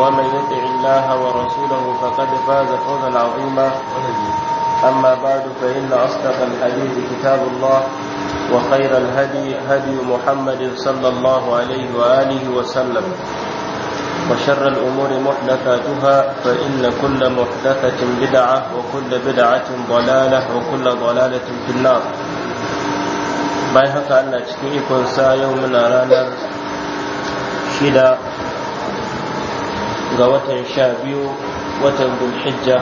ومن يطع الله ورسوله فقد فاز فوزا عظيما أما بعد فإن أصدق الحديث كتاب الله وخير الهدي هدي محمد صلى الله عليه وآله وسلم وشر الأمور محدثاتها فإن كل محدثة بدعة وكل بدعة ضلالة وكل ضلالة في النار بايحك أن أشكيكم سا يومنا رانا شدا ga watan sha biyu watan bulhijja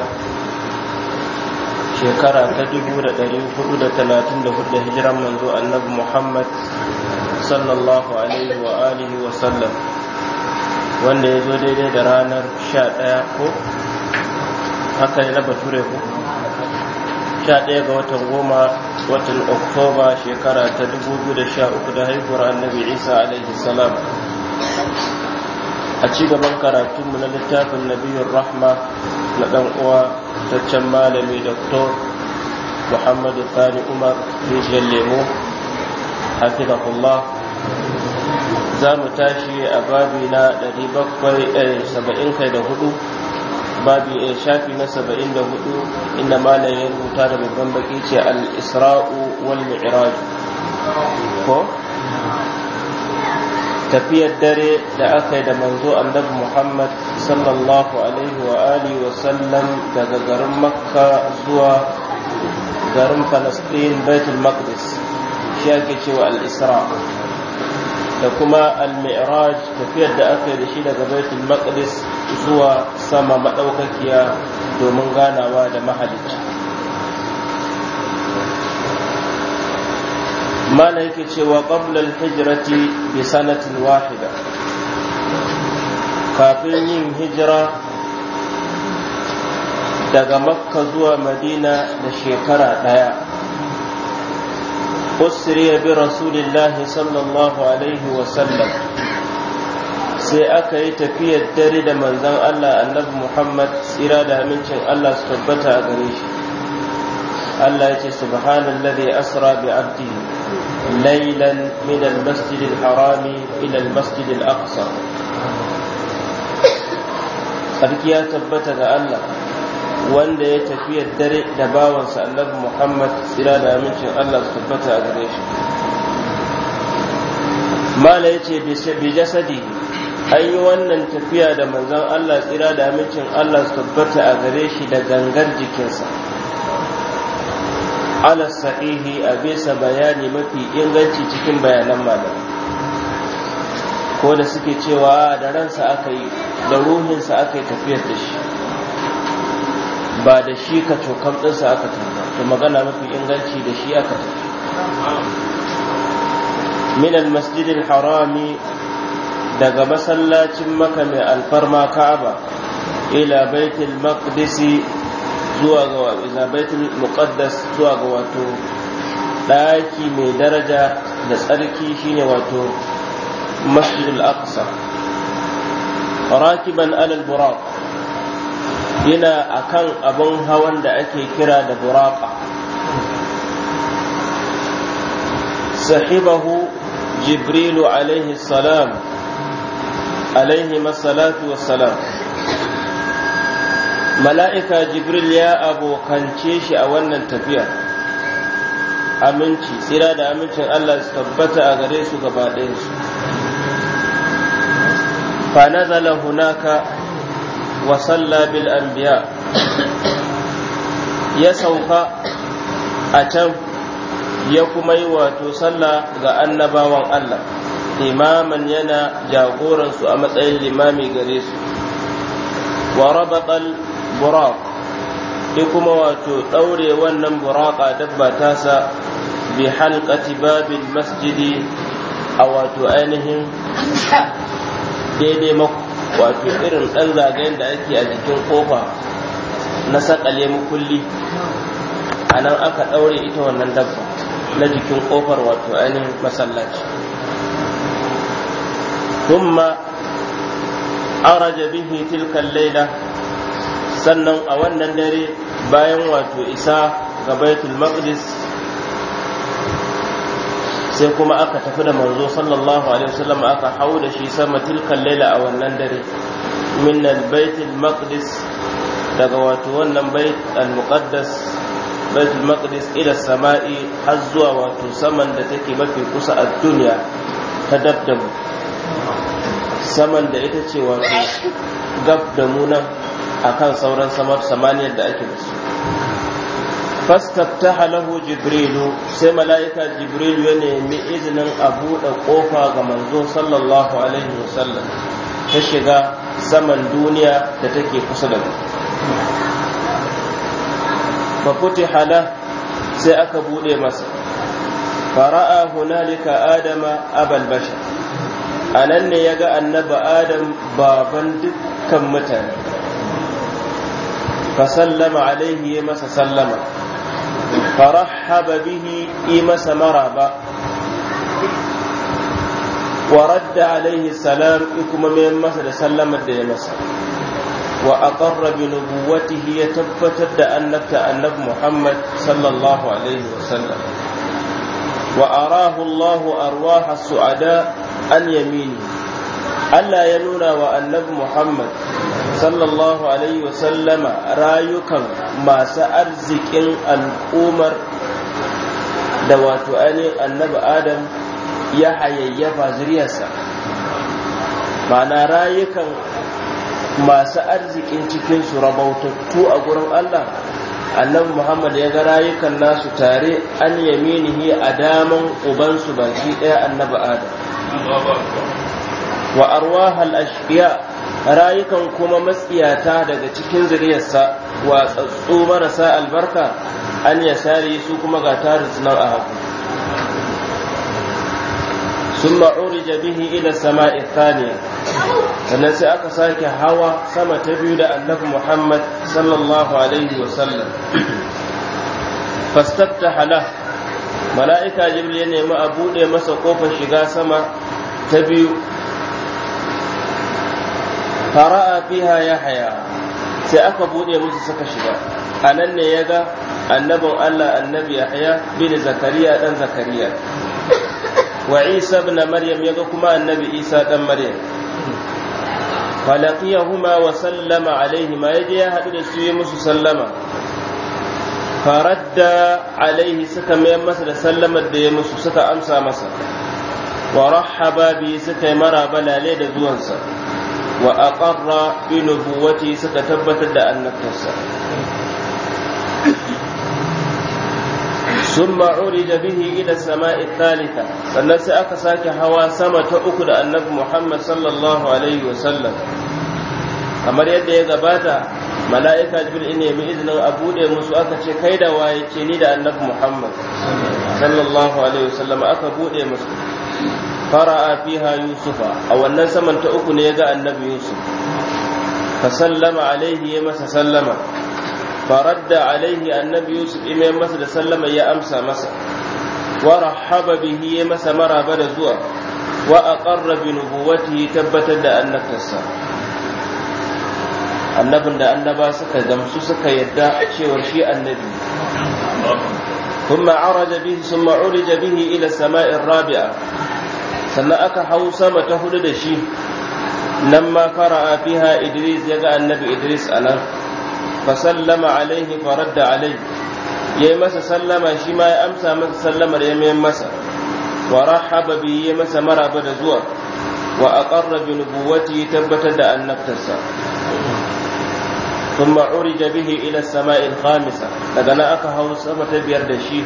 shekara ta dubu da ɗari hudu da talatin da hudu hijiran manzo annabi muhammad sallallahu alaihi wa alihi wa sallam wanda ya zo daidai da ranar sha ɗaya ko haka ne na bature ko sha ɗaya ga watan goma watan oktoba shekara ta dubu da sha uku da haihuwar annabi isa alaihi salam a ci gaban karatunmu na littafin nabiyar rahma na ɗan uwa taccen malami doktor muhammadu sani umar rijiyar lemo hafizahullah za mu tashi a babi na 774 eh, kai da hudu babi a eh, shafi na 74 inda malayin rubuta da babban baki ce al-isra'u wal mi'raj ko tafiyar dare da aka yi da manzo annabi Muhammad sallallahu alaihi wa alihi wa sallam daga garin Makka zuwa garin Falastin Baitul Maqdis shi ake cewa al-Isra da kuma al-Mi'raj tafiyar da aka yi da shi daga Baitul Maqdis zuwa sama maɗaukakiya domin ganawa da mahalicci mana yake cewa qabla hijrati bi sanatin wahida kafin yin hijira daga makka zuwa madina da shekara ɗaya. usriya bi rasulillahi sallallahu alaihi sai aka yi tafiyar dare da manzon Allah annabi Muhammad tsira da amincin Allah su tabbata a gare shi Allah ya ce subhanallazi asra bi abdihi ليلا من المسجد الحرام إلى المسجد الأقصى sarki ya tabbata ga Allah wanda ya tafi dare da bawansa annabi Muhammad tsira da amincin Allah su tabbata a gare shi mala yace bi jasadi an yi wannan tafiya da manzon Allah tsira da amincin Allah su tabbata a gare shi da gangar jikinsa ala sahihi a bisa bayani mafi inganci cikin bayanan malam, ko da suke cewa da ransa aka yi da ruhinsa aka yi tafiyar da shi ba da shi ka cokam ɗinsa aka tafi to magana mafi inganci da shi aka tafi min al-masjid al-harami daga masallacin maka mai alfarma ka'aba ila baitul maqdisi zuwa ga ila muqaddas zuwa ga wato ɗaki mai daraja da tsarki shine wato masjidul aqsa rakiban alal buraq yana akan abin hawan da ake kira da buraqa sahibahu jibrilu alaihi salam alaihi salatu wassalam mala'ika jibril ya abokance shi a wannan tafiya aminci tsira da amincin allah su tabbata a gare su gaba su fa zala hunaka wa salla bil anbiya ya sauka a can ya kuma yi wato sallah ga annabawan allah imaman yana jagoransu a matsayin limami gare su wa rabatal buraq ya kuma wato ɗaure wannan buraqa dabba tasa bi halqati babil masjidi a wato ainihin daidai maku wato irin ɗan zagayen da ake a jikin kofa na sakale mukulli a nan aka ɗaure ita wannan dabba na jikin kofar wato ainihin masallaci ثم أرج به تلك الليلة sannan a wannan dare bayan wato isa ga baitul maqdis sai kuma aka tafi da manzo sallallahu alaihi wasallam aka hau da shi sama tilkan laila a wannan dare min baitul maqdis daga wato wannan bait al-muqaddas baitul maqdis ila sama'i har zuwa wato saman da take mafi kusa a duniya ta dabdamu saman da ita ce wato gab da mu akan sauran samaniyar da ake da su ta Halahu jibrilu sai mala'ika jibrilu ya nemi izinin a buɗe ƙofa ga manzo sallallahu alaihi wasallam ta shiga saman duniya da take kusa da mu fa hala sai aka buɗe masa fara'a hunalika adama abal bashar anan ne ya ga annaba adam baban dukkan mutane fa sallama alaihi ya masa sallama farahaba bihi yi masa maraba wa radda alaihi salam kuma masa da sallamar da ya masa wa aqarra bi nubuwwatihi ya tabbatar da annabta annabi Muhammad sallallahu alaihi wa sallam wa arahu Allah arwaha su'ada an Allah ya nuna wa annabi Muhammad sallallahu alaihi wasallama rayukan masu arzikin al'ummar da wato ainihin annabi adam ya hayayyafa zuriyarsa ma'ana rayukan masu arzikin cikinsu rabautattu a gurin Allah annabi Muhammad ya ga rayukan nasu tare an yaminihi a daman ubansu baki ɗaya annabi Adam wa arwahal ashqiya rayukan kuma matsiyata daga cikin zuriyarsa watsatsu marasa albarka an ya sare su kuma ga tarin sunan a haku sun ma'uri jabihi ila sama ne, sannan sai aka sake hawa sama ta biyu da annabi muhammad sallallahu alaihi wasallam fastafta hala mala'ika jibril ya nemi a buɗe masa kofar shiga sama ta biyu fara'a ya haya, sai aka bude musu suka shiga nan ne ya ga annabin Allah annabi yahya bin zakariya dan zakariya wa isa maryam ya ga kuma annabi isa dan maryam falaqiyahuma wa sallama ma yaje ya haɗu da su yi musu sallama faradda alaihi suka mayar masa da sallamar da ya musu suka amsa masa wa rahaba bi suka yi maraba lale da zuwansa wa a ƙarra inubuwati suka tabbatar da annabtarsa sun ma'uri da bihi ila sama'i talita sannan sai aka sake hawa sama ta uku da annabi muhammad sallallahu alaihi yadda ya gabata mala'ika jibril ne mai izinin a buɗe musu aka ce kai da waye ce ni da annabi muhammad sallallahu alaihi aka bude musu fara'a fiha yusufa a wannan saman ta uku ne ya ga annabi yusuf fa sallama alaihi ya masa sallama faradda alaihi annabi yusuf ya masa da sallama ya amsa masa wa rahaba bihi ya masa maraba da zuwa wa aqarra bi nubuwwatihi tabbatar da annabtarsa annabin da annaba suka gamsu suka yadda cewar shi annabi ثم عرج به ثم عرج به إلى السماء الرابعة sannan aka hau sama ta hudu da shi nan ma fara a fiha idris ya ga annabi idris a nan fa sallama alaihi faradda alai. ya yi masa sallama shi ma ya amsa masa sallamar ya mayan masa wa rahaba bi ya masa maraba da zuwa wa aqarra bi nubuwati tabbatar da annabtarsa ثم عرج به إلى السماء الخامسة لقد أكا هو سمة بيردشي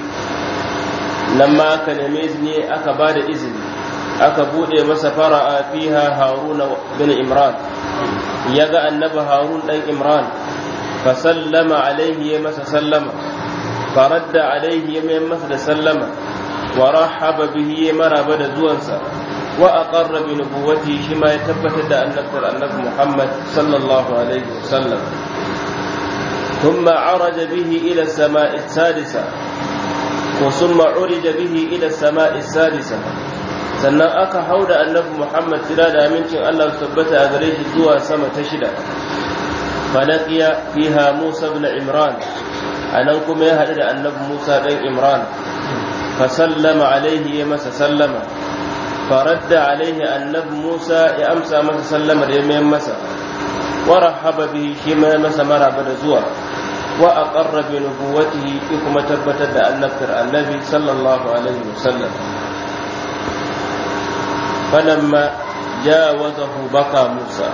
لما أكا نميزني أكا بعد إذني aka bude masa fara'a fiha Haruna bin imran ya ga annabi harun dan imran fa sallama alaihi ya masa sallama faradda alaihi ya mai masa da sallama wa rahaba bihi ya maraba da zuwansa wa aqarra bi nubuwwatihi shi ma ya tabbatar da annabtar annabi muhammad sallallahu alaihi wa wasallam ثم عرج به إلى السماء السادسة وثم عرج به إلى السماء السادسة sannan aka hau da annabi muhammad sira da amincin allah su tabbata a gare shi zuwa sama ta shida falakiya fiha musa ibn imran a nan kuma ya haɗu da annabi musa ɗan imran fa sallama alaihi ya masa sallama faradda alaihi annabi musa ya amsa masa da ya mayan masa wa rahaba bihi shi ma masa maraba da zuwa wa aqarra bi nubuwwatihi kuma tabbatar da annabtar annabi sallallahu alaihi wasallam falamma jawazahu baka musa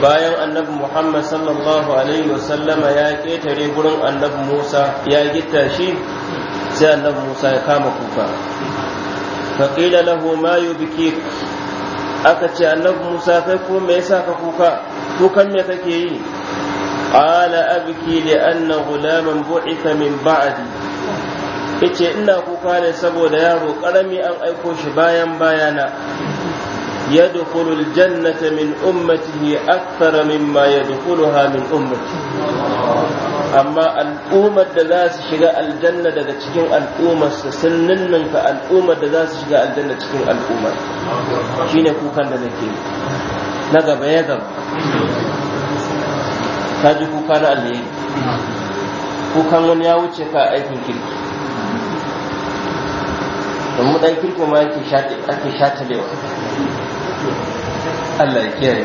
bayan annabi muhammad sallallahu alaihi wasallama ya ketare gurin annabi musa ya gitta shi sai annabi musa ya kama kuka faƙila lahu ma biki. aka ce annabi musa kai ko me yasa ka kuka kukan me kake yi ala abki li anna ghulaman bu'itha min ba'di yace ina kuka ne saboda yaro karami an aiko shi bayan bayana ya dukulul jannata min ummatihi akthara mimma ya dukuluha min ummati amma al'ummar da za su shiga aljanna daga cikin al'ummar su sun ninninka al'ummar da za su shiga aljanna cikin al'ummar shine kukan da nake na gaba ya gaba ka ji kuka na alayyar kukan wani ya wuce ka aikin kirki domin dan kirko ma yake shata ake shata da Allah ya kiyaye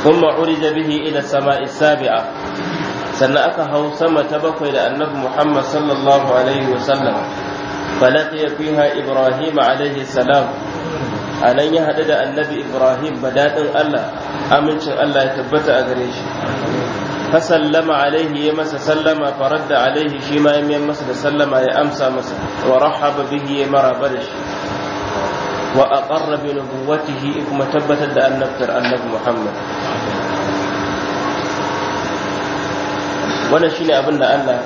ثم عرج به إلى السماء السابعة sannan aka hau sama ta bakwai da annabi Muhammad sallallahu alaihi wasallam falaqiya fiha Ibrahim alaihi a nan ya haɗu da annabi Ibrahim badadin amincin Allah ya tabbata a gare shi فسلم عليه يمس سلم فرد عليه شيما يمس سلم يا أمسى مس ورحب به مرى بدش وأقر بنبوته إكما تبت أن نبتر محمد shine abin da Allah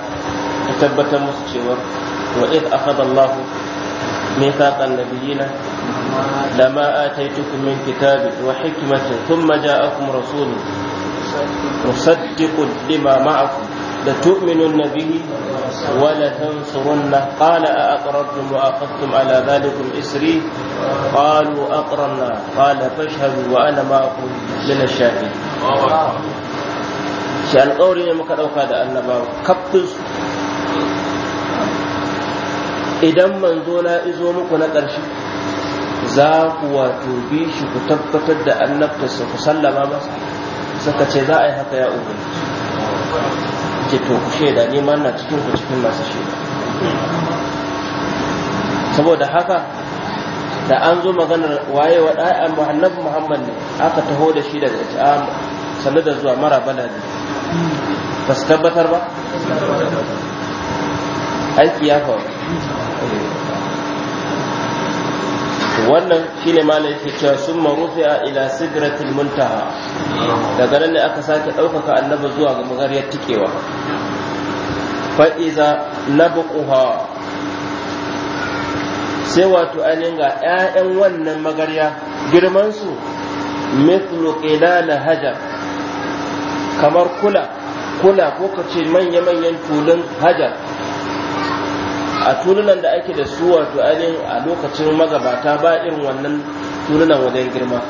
ya tabbatar musu cewar wa id akhadha Allahu mithaqan nabiyina lama ataitukum min kitabi wa hikmatin thumma ja'akum تصدق لما معكم لتؤمنن به ولتنصرنه قال أأقررتم وأخذتم على ذلكم إسري قالوا أقررنا قال فاشهدوا وأنا معكم من الشاهدين shi alƙawari ne muka ɗauka أن annabawa kaftinsu idan manzo na izo muku na ƙarshe za ku wato bi shi ku tabbatar da annabta su ku sallama masa suka ce za a yi haka ya ubangiji ke to ku shaida ni ma na cikin ku cikin masu shaida saboda haka da an zo maganar waye wa ɗaya annabi muhammad ne aka taho da shi daga ita sannu da zuwa mara baladi ba su tabbatar ba aiki ya faru wannan shi shine malam sun cewa rufe a ila sidratil muntaha daga nan ne aka sake ɗaukaka annabi zuwa ga magariyar tikewa fa iza nabquha sai wato ainihin ga 'ya'yan wannan magarya girmansu mithlu qilala hajar kamar kula kula ko ka ce manya-manyan tulun hajar a tulunan da ake da su wato ainihin a lokacin magabata ba irin wannan tulunan wajen girma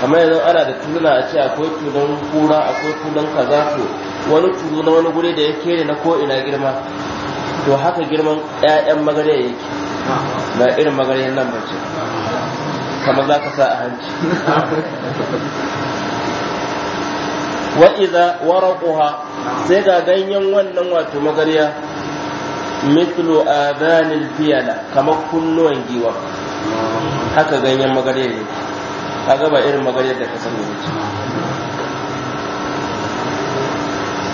kamar yanzu ana da tuluna a ce akwai tulun kura akwai tulun kaza to wani tulu na wani guri da ya kere na ko ina girma to haka girman 'ya'yan magare yake ba irin magare nan ba ce kamar za ka sa a hanci wa iza waraquha sai ga ganyen wannan wato magariya a adanil fiyala kamar kunnuwan giwa haka ganyen magarya ne kaga ba irin magarya da ka sani ba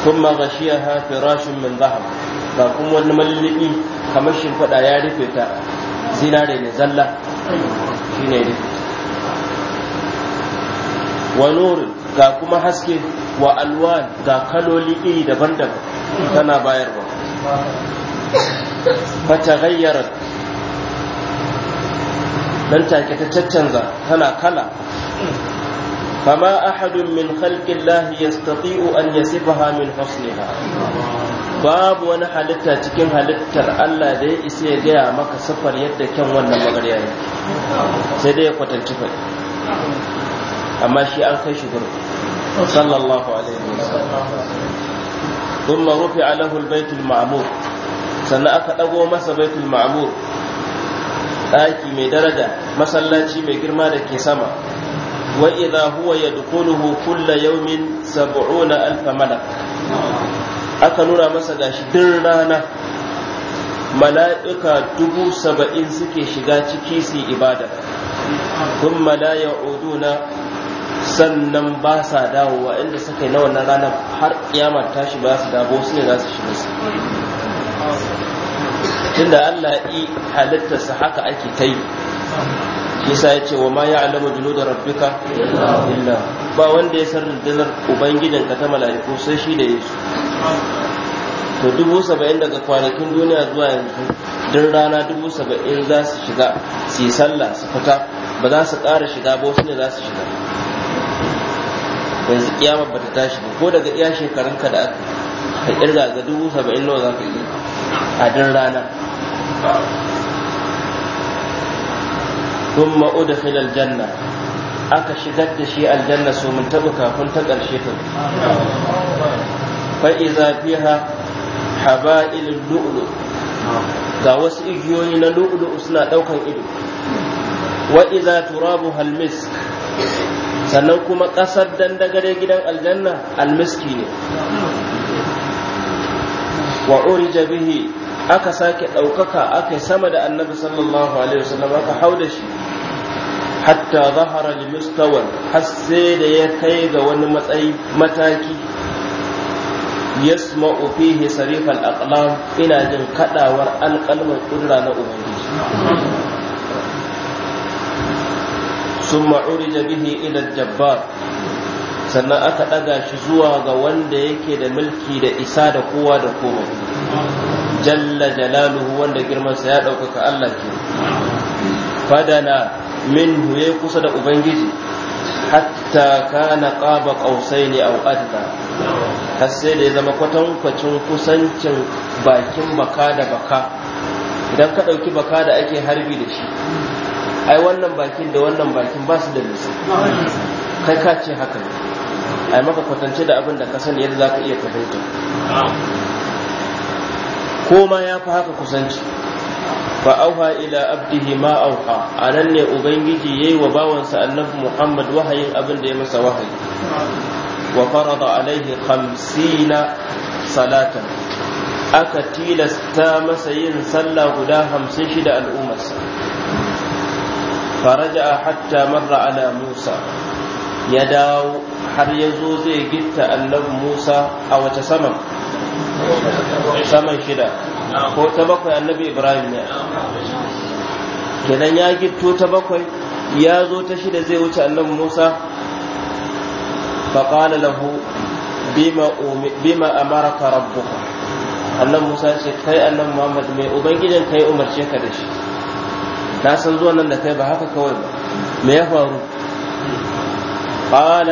ثم غشيها فراش من ذهب ba kuma wani mallibi kamar shimfiɗa ya rufe ta zinare ne zalla shi ne rufe wa nurin ga kuma haske wa alwan ga kaloli iri daban-daban tana bayarwa fatagayyarar Dan take ta caccanza tana kala kama ahadun min khalqin lahi yastati'u an yasifaha min husniha babu wani halitta cikin halittar Allah da ya isa ya gaya maka safar yadda kyan wannan magarya ne sai dai ya kwatanci fa amma shi an kai shi gurbi sallallahu alaihi wasallam ثم رفع له البيت المعمور sannan aka ɗago masa baitul ma'amur, ɗaki mai daraja masallaci mai girma da ke sama wa idha huwa yadkhuluhu kulla yawmin 70 alf malak aka nuna masa gashi din rana mala'ika dubu saba'in suke shiga ciki su ibada malaya la na sannan ba sa dawowa inda suka yi na wannan ranar har kiyamar tashi ba su dawo su ne za su shiga su tunda Allah yi halittarsa haka ake ta yi Isa ya ce wa ma ya alama junu da rabbika illa ba wanda ya san rundunar ubangijin ka ta mala'iku sai shi da yesu to dubu saba'in daga kwanakin duniya zuwa yanzu din rana dubu saba'in za su shiga su yi sallah su fita ba za su ƙara shiga ba wasu ne za su shiga yanzu kiyama ba ta tashi ko daga iya shekarunka da aka ka kirga ga dubu saba'in nawa za ka yi a din rana da filal janna, aka shigar da shi aljanna so mun tabu kafin ta karshe ta fa iza fiha haba'il lu'lu ga wasu igiyoyi na lu'lu suna daukan ido wa iza turabu halmisk sannan kuma kasar dandagare gidan aljanna almiski ne wa urija bihi aka sake ɗaukaka aka sama da annabi sallallahu alaihi wasallam aka hau da shi hatta zahara li mustawan har sai da ya kai ga wani matsayi mataki yasma'u fihi sarif aqlam ina jin kadawar alƙalmin kudura na ubangiji summa urija bihi ila jabbar sannan aka ɗaga shi zuwa ga wanda yake da mulki da isa da kowa da komai jalla jalaluhu wanda girmansa ya ɗaukaka Allah ke fadana min ya kusa da ubangiji hatta kana qaba qausaini aw adda har sai da ya zama kwatankwacin kusancin bakin baka da baka idan ka ɗauki baka da ake harbi da shi ai wannan bakin da wannan bakin ba su da nisa kai ka ce haka ne a yi maka kwatance da abin da ka sani yadda za ka iya fahimta ko ma ya fi haka kusanci fa auha ila abdihi ma auha a nan ne ubangiji ya yi wa bawansa annabi muhammad wahayin abin da ya masa wahayi wa farada alaihi hamsina salatan aka tilasta masa yin sallah guda hamsin shida al'ummarsa faraja hatta marra ala musa ya dawo har ya zo zai gitta annabi musa a wace saman saman shida ko ta bakwai annabi ibrahim ne kenan ya gitto ta bakwai ya zo ta shida zai wuce annabi musa faƙala lahu bima amaraka rabbuka annabi musa ce kai annabi muhammad mai ubangijin kai umarce ka da shi na san zuwan nan da kai ba haka kawai ba me ya faru قال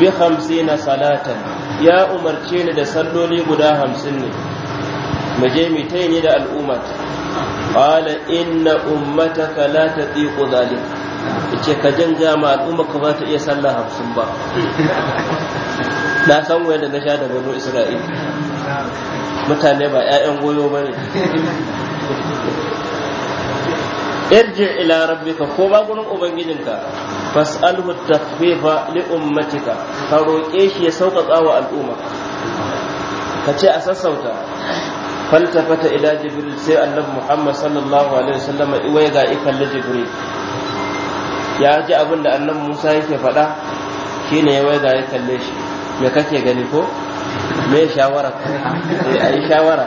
bi khamsina salatan ya umarce ni da salloli guda hamsin ne mu je mu tai ni da al'ummat qala inna ummataka la tatiqu zalik yace ka ba ta iya sallah hamsin ba na san wayar da na sha da banu mutane ba 'ya'yan goyo ba ne irji ila rabbika ko ba gurin ubangijinka fas'alhu takhfifa li ummatika ka roƙe shi ya sauƙaƙa wa al'umma ka ce a sassauta faltafata ila jibril sai annabi muhammad sallallahu alaihi wasallam wai ga ikalli jibril ya ji abin da annabi musa yake faɗa shine ya ga ya kalle shi me kake gani ko me eh, shawara ai shawara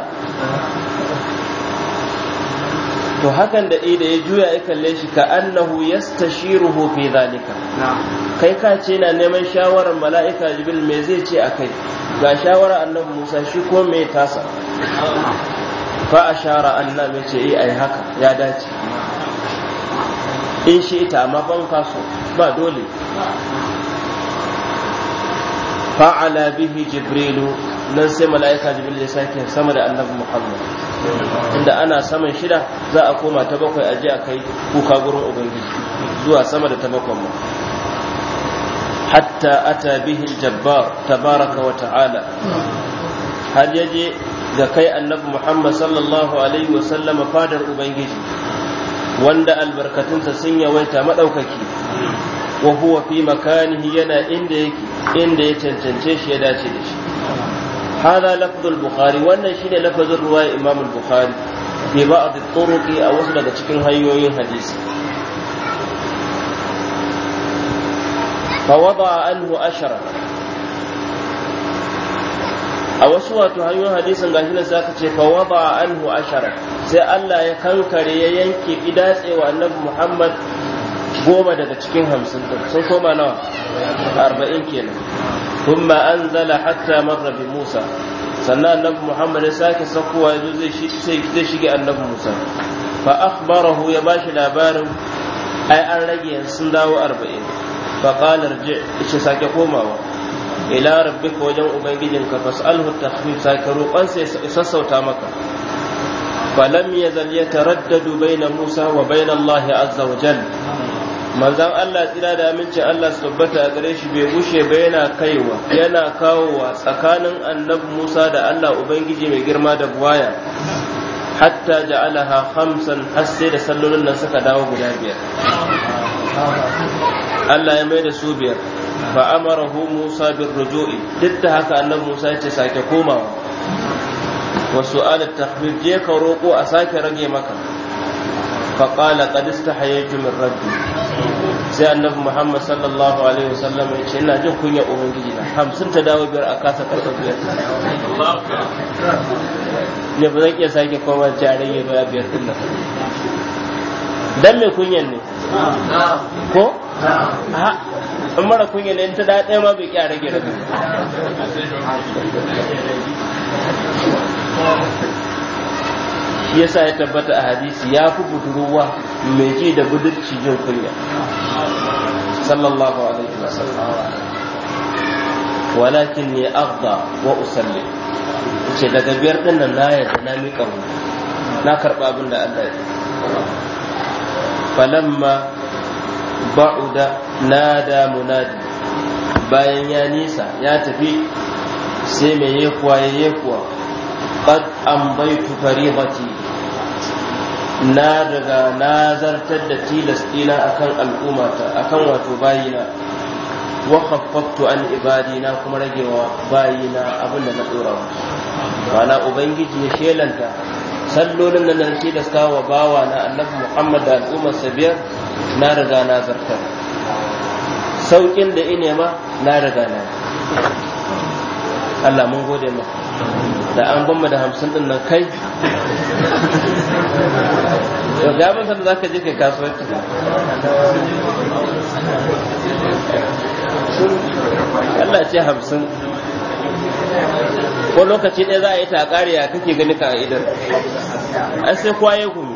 to hakan da ida ya juya ya kalle shi ka annahu yastashiruhu fi zalika kai ka ce na neman shawarar mala'ika jibril me zai ce akai ga shawara annabi musa shi ko me tasa fa ashara annabi ya ce eh, ai haka ya dace in shi ita amma ban kaso ba dole fa'ala bihi jibrilu nan sai mala'ika jibril ya sake sama da annabi muhammad inda ana saman shida za a koma ta bakwai a a kai kuka gurin ubangiji zuwa sama da ta bakwai hatta ata bihi jabbar tabaraka wa ta'ala har yaje ga kai annabi muhammad sallallahu fadar ubangiji wanda albarkatunsa sun yawaita madaukaki wa huwa fi makanihi yana inda yake inda ya cancance shi ya dace da shi hada lafzul bukhari wannan shine lafazin ruwaya imam bukhari fi ba'd turuqi a wasu daga cikin hanyoyin hadisi fa wada anhu ashara a wasu wato hanyoyin hadisin gashi nan zaka ce fa wada anhu ashara sai Allah ya kankare ya yanke idatsewa annabi Muhammad goma daga cikin hamsin din sun koma nawa arba'in kenan kuma an zala hatta marra musa sannan annabi muhammad ya sake sakowa ya zo zai shige annabi musa fa akhbarahu ya bashi labarin ai an rage sun dawo arba'in fa qala rji ce sake komawa ila rabbika wajen ubangijinka fas'alhu takhfif sake roƙon sai sassauta maka falam yazal yataraddadu baina musa wa baina allah azza manzan Allah tsira da amincin Allah su tabbata gare shi bai bushe ba yana kaiwa yana kawowa tsakanin annabi Musa da Allah Ubangiji mai girma da buwaya hatta ja'alaha hamsan har sai da sallolin nan suka dawo guda biyar Allah ya mai da su biyar fa amarahu Musa bin ruju'i duk da haka annabi Musa ya ce sake komawa wa su'al at-takhfif je ka roko a sake rage maka fa qala qad istahayaytu min rabbi sai annabi muhammad sallallahu alaihi wasallam ya ce ina jin kunya ubangiji na hamsin ta dawo biyar a kasa karfa biyar ne ba zan iya sake koma jarin ya doya biyar din nan dan mai kunyan ne ko in mara kunya ne ta daɗe ma bai kyara rage rage yasa ya tabbata a hadisi ya fi budurwa mai ji da budurci jin kunya sallallahu alaihi wa wasallam walakin ne afda wa usalli ce daga biyar dinnan nan na yadda na miƙa mu na karɓa abin da Allah ya falamma ba'uda nada munadi bayan ya nisa ya tafi sai mai yekuwa ya yekuwa qad ambaytu fariidati na riga na zartar da tilastina akan al'ummata akan wato bayina wa khaffaftu an ibadina kuma ragewa bayina abin da na dora mana ubangiji ya shelanta sallolin da na tilasta wa bawa na annabi Muhammad da al'ummar sabiyar na riga na zartar saukin da ine ma na riga na Allah mun gode maka da an bamu da hamsin din nan kai yau ga mun sanda zaka je ka kasuwanci Allah ce hamsin ko lokaci ɗaya za a yi ta ƙariya kake gani ka idan an sai kwaye gumi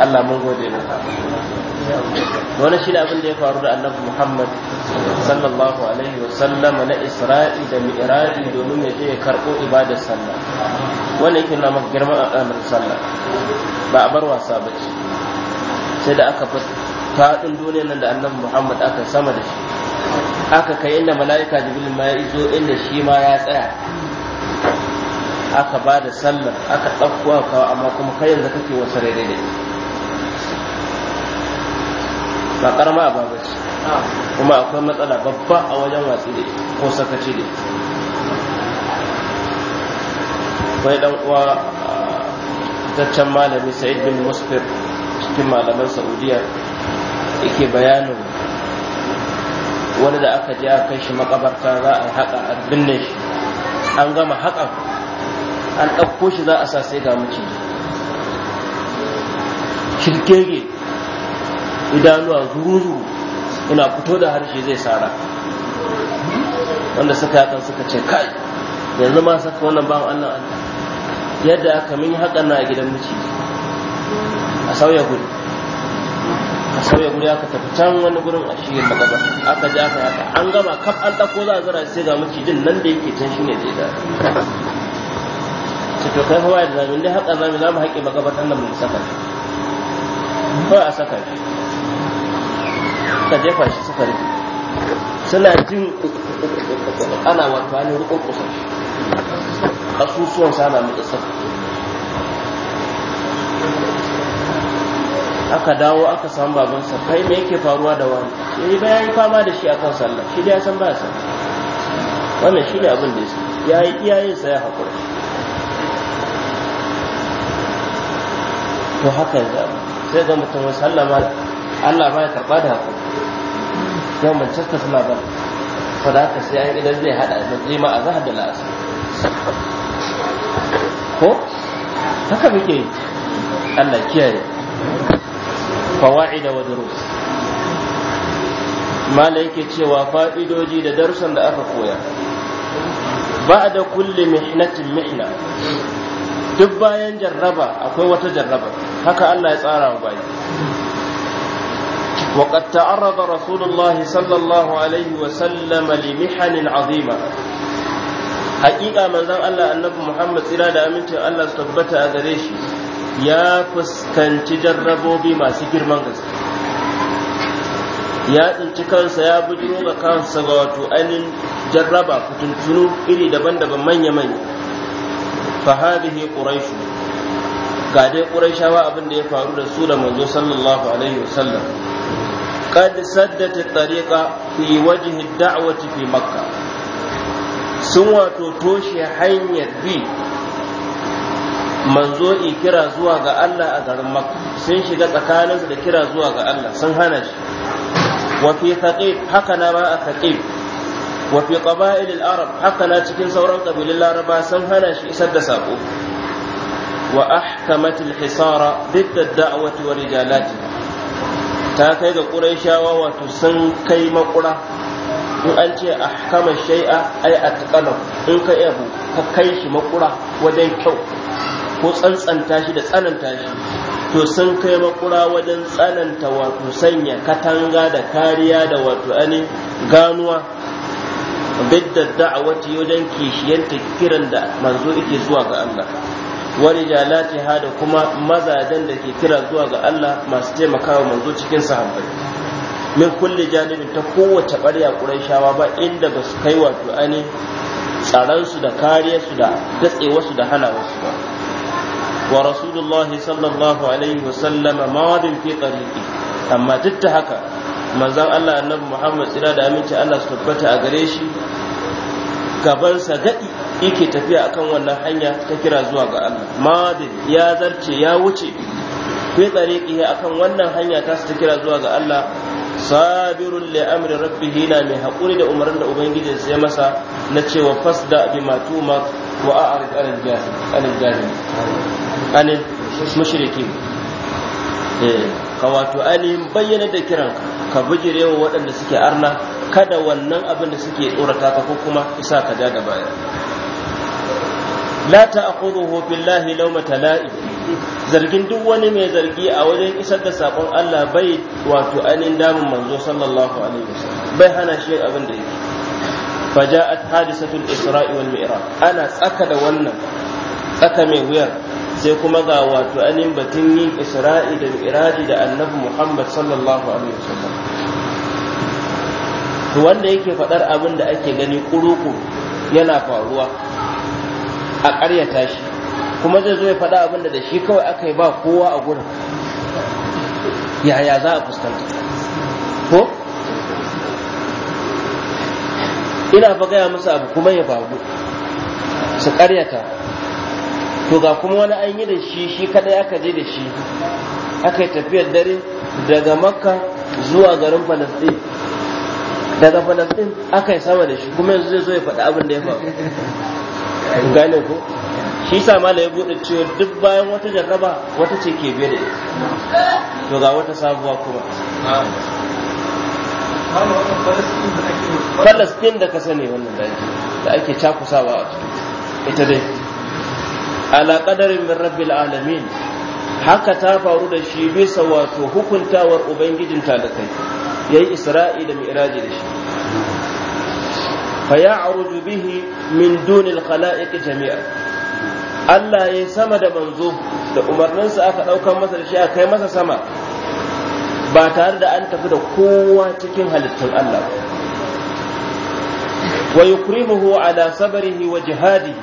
Allah mun gode maka wani shi abin da ya faru da annabi muhammad sallallahu alaihi wasallama na isra'i da mi'raji domin ya je ya karɓo ibadar sallah wanda yake na maka girman al'amar sallah ba a bar wasa ba ce sai da aka faɗin duniyar nan da annabi muhammad aka sama da shi aka kai inda mala'ika jibril ma ya izo inda shi ma ya tsaya aka ba da sallar aka ɗauko kawai, amma kuma kai yanzu kake wasa daidai ba karama ba ba ce kuma akwai matsala babba a wajen watsi da ko sakaci da akwai dan uwa ah, fitaccen malami sa'id bin musfir cikin malaman saudiya yake bayanin wani da aka je a kai shi makabarta za a haƙa a binne shi an gama haƙa an ɗauko shi za a sa sai ga maciji shirgege idanuwa zuru-zuru suna fito da harshe zai sara wanda suka yakan suka ce kai yanzu ma saka wannan ban allah allah yadda aka min haƙan na a gidan miciji a sauya guri a sauya guri aka tafi can wani gurin a shirin da ƙasa aka ji aka haka an gama kaf an ɗauko za a zara sai ga macijin nan da yake can shine zai da ce to kai fa da zamin dai haƙa zamin za mu haƙe magabatan nan mu saka ba a saka shi Ka jefa shi suka rufe suna jin ana wata hannun rukun kusa asusuwan sana mutsasa aka dawo aka samu babansa kai me yake faruwa da wani shi eh, ba ya yi fama da shi akan sallah shi da ya san ba sa wannan shi ne abin da ya yi iyayensa ya haƙura to haka ya zama sai ga mutum wasu Allah ma ya karɓa da haƙura kuma manchester suna ba fa da sai an idan zai hada da jima a zahar da la'asar ko haka muke allah kiyaye fawa'ida wa durus mala yake cewa fa'idoji da darsan da aka koya ba da kulle mihnatin mihna duk bayan jarraba akwai wata jarraba haka allah ya tsara wa bayi وقد تعرض رسول الله صلى الله عليه وسلم لمحن عظيمة حقيقة من ذا الله النبي محمد إلى دامنت الله استبت أدريشي يا فسكن تجربوا بما سكر منغز ya tsinci kansa ya bujiro ga kansa ga wato ainihin jarraba fitintunu iri daban-daban manya-manya fa hadhihi quraish ga dai quraishawa abin da ya faru da su da manzo sallallahu alaihi wasallam قد سدت الطريق في وجه الدعوة في مكة سوى توتوشي حين بي manzo i kira zuwa ga Allah a garin Makka sun shiga tsakaninsu da kira zuwa ga Allah sun hana shi wa fi thaqif haka na ma a thaqif wa fi qaba'il al-arab haka na cikin sauran kabilun Laraba sun hana shi isar da sako wa ahkamat al-hisara didda ad-da'wati wa rijalatiha ta kai ga ƙuraishawa wato sun kai makura in an ce a kama shai'a ai a in ka abu ka kai shi makura wajen kyau ko tsantsanta shi da tsananta shi to sun kai makura wajen tsananta wato sanya katanga da kariya da wato ani ganuwa bidda da'awati wajen kishiyanta kiran da manzo yake zuwa ga Allah wa rijalatiha da kuma mazajen da ke kira zuwa ga Allah masu taimakawa manzo cikin sahabbai min kulli janibin ta kowace ɓarya ƙurayshawa ba inda ba su kai wato ani tsaransu da kariyarsu su da datsewar da hana wasu ba wa rasulullah sallallahu alaihi wa sallama mawadin fi tariqi amma duk da haka manzon Allah annabi Muhammad tsira da aminci Allah su tabbata a gare shi gabansa gadi yake tafiya akan wannan hanya ta kira zuwa ga Allah madin ya zarce ya wuce fi tsariƙi akan wannan hanya ta su ta kira zuwa ga Allah sabirun li amri rabbih yana mai haƙuri da umarnin da ubangijin sai masa na cewa fasda bi matuma wa a'rid anil jahil anil jahil anil mushrikin eh ka wato ainihin bayyana da kiran ka bijirewa waɗanda suke arna kada wannan abin da suke tsorata ka ko kuma isa ka ja da baya la ta'khudhuhu billahi lawmata la'ib zargin duk wani mai zargi a wajen isar da sakon Allah bai wato anin damun manzo sallallahu alaihi wasallam bai hana shi abin da yake faja'at hadisatul isra'i wal mi'raj ana tsaka da wannan tsaka mai wuyar sai kuma ga wato anin batun yin isra'i da mi'raji da annabi Muhammad sallallahu alaihi wasallam to wanda yake faɗar abinda ake gani kuruku yana faruwa a ƙaryata shi kuma zai zo ya faɗa abin da shi kawai aka yi ba kowa a gurin yaya za a fuskanta ko ina fa gaya musu abu kuma ya babu su ƙaryata to ga kuma wani an yi da shi shi kadai aka je da shi aka yi tafiyar dare daga makka zuwa garin falastin daga falastin aka yi sama da shi kuma yanzu zai zo ya faɗi abin da ya faru gane ko shi sa mala ya bude cewa duk bayan wata jarraba wata ce ke biye da ita to ga wata sabuwa kuma falastin da ka sani wannan da ake da ake cakusawa a cikin ita dai ala qadarin min rabbil alamin haka ta faru da shi bisa wato hukuntawar ubangijin talakai yayi isra'i da mi'raji da shi فيعرج به من دون الخلائق جميعا Allah ya sama da manzo da umarninsa aka ɗaukar masa da shi a kai masa sama ba tare da an tafi da kowa cikin halittun Allah wa yukrimuhu ala sabarihi wa jihadihi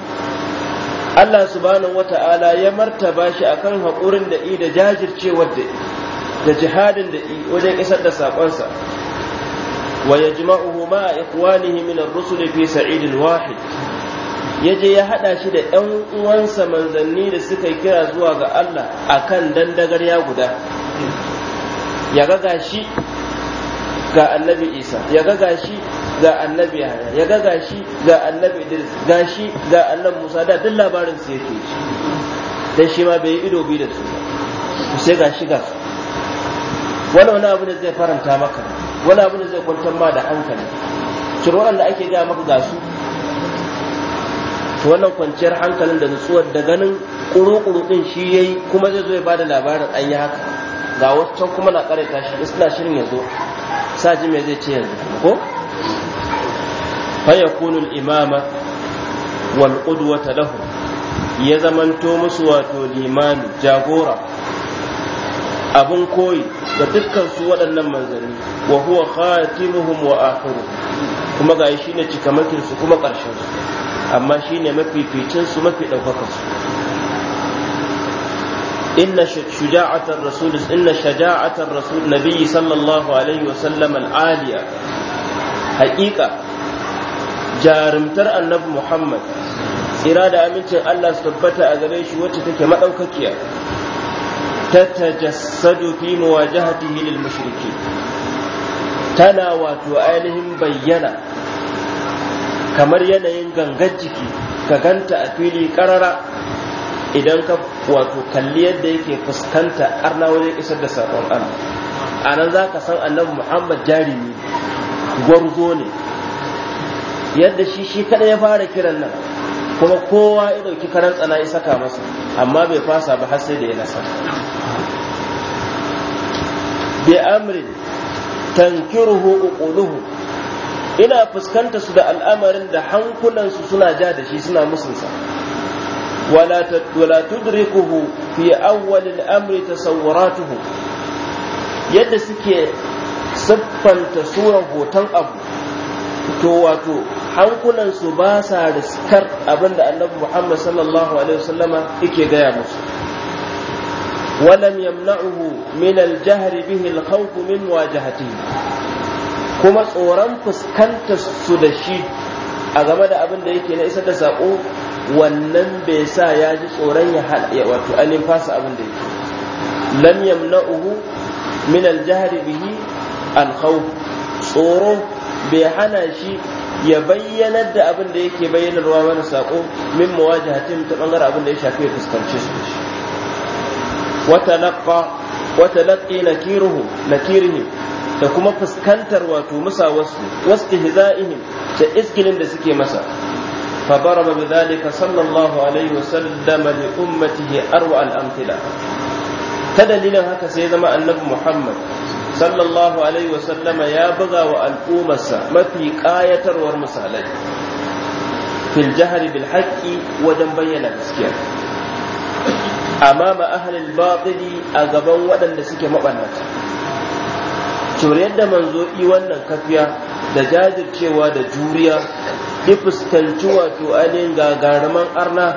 Allah subhanahu wata'ala ya martaba shi akan haƙurin da i da jajircewar da da jihadin da i wajen isar da saƙonsa ويجمعه مع إخوانه من الرسل في سعيد واحد يجي ya haɗa shi da ‘yan uwansa manzanni da suka yi kira zuwa ga Allah a kan dandagar guda ya ga annabi isa ya ga gashi ga annabi ya ga gashi ga annabi idris gashi ga annabi musa da duk labarin su yake shi dan shi ma bai yi ido bi da su sai ga ga wani abu da zai faranta maka wani abin da zai kwantar ma da hankali cin waɗanda ake gaya maka ga su wannan kwanciyar hankalin da nutsuwar da ganin ƙuruƙuru ɗin din shi yi kuma zai zo ya ba da labarin an yi haka ga wata kuma na karanta shi suna shirin ya zo sa ji mai zai ce yanzu ko fa yakunu imama wal wata lahu ya zamanto musu wato limami jagora abin koyi ga dukkan su waɗannan manzanni wa huwa khatimuhum wa akhiru kuma ga shi ne cikamakin su kuma ƙarshen su amma shi ne mafificin su mafi ɗaukakar su inna shuja'atar rasul inna shaja'atar rasul nabiyyi sallallahu alaihi wa sallam al-aliya haƙiƙa jarumtar annabi muhammad tsira da amincin allah su tabbata a gare shi wacce take maɗaukakiya تتجسد jihar مواجهته للمشركين tana wato ainihin bayyana kamar yanayin gangar jiki ka ganta a fili karara idan ka wato kalli yadda yake fuskanta arna wajen isar da saƙon Allah a nan za ka san annabi Muhammad jarimi gwarzo ne yadda shi shi kada ya fara kiran nan kuma kowa ya dauki karan tsana ya saka masa amma bai fasa ba har sai da ya nasa bi amrin tankiruhu uquluhu ina fuskanta su da al'amarin da hankulansu suna ja da shi suna musunsa wala tudrikuhu fi awwalil amri tasawwaratuhu yadda suke siffanta suran hoton abu to wato hankulansu ba sa riskar abinda annabi muhammad sallallahu alaihi wasallama yake gaya musu ولم يمنعه من الجهر به الخوف من مواجهته kuma tsoron fuskantar su da shi a game da abin da yake na isar da saƙo wannan bai sa ya ji tsoron ya haɗa wato ainihin fasa abin da yake lam yamna'uhu min aljahri bihi alkhawf tsoro bai hana shi ya bayyanar da abin da yake bayyanarwa mana sako min muwajahatin ta bangaren abin da ya shafi ya fuskance su da shi watalaqqa watalaqi nakirihim da kuma fuskantar wato musawarsu wasu hizaihim da iskilin da suke masa فضرب بذلك صلى الله عليه وسلم لأمته أروع الأمثلة تدليل هكا zama النبي محمد sallallahu alaihi wasallama ya buga wa al'ummarsa mafi ƙayatarwar misalai fil jahari bil wajen bayyana gaskiya ma ahlil batili a gaban waɗanda suke mabannata cewar yadda manzo wannan kafiya da jajircewa da juriya ya fuskanci wato ainihin gagarumin arna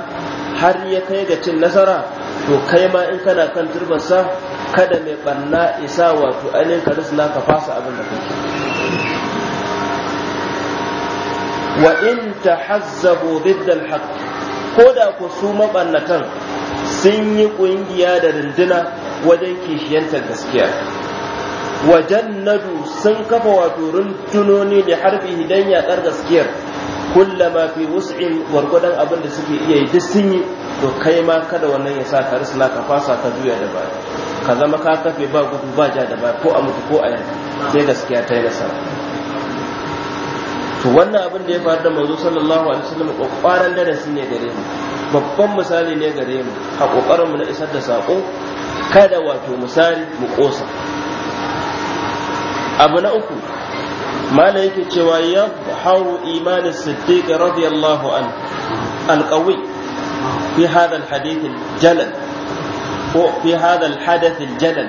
har ya kai ga cin nasara to kai ma in kana kan turbarsa kada mai barna isa wato ainihin ka risala ka fasa abin da kake wa in tahazzabu diddal haqq ko da ku su mabannatan sun yi kungiya da rinduna wajen kishiyantar gaskiya wa jannadu sun kafa wato runtunoni da harfi dan yaƙar gaskiyar kullama fi wus'in gwargwadon abin da suke iya yi duk sun yi to kai ma kada wannan ya sa ka ka fasa ka juya da baya ka zama ka tafi ba gudu ba ja da ba ko a mutu ko a yanzu sai gaskiya ta yi nasara to wannan abin da ya faru da manzo sallallahu alaihi wasallam kokarin darasi ne gare mu babban misali ne gare mu a kokarin mu na isar da sako kada wato misali mu kosa abu na uku mala yake cewa ya haru imanin siddiq radiyallahu an alqawi fi hadha alhadith jalal في هذا الحدث الجلل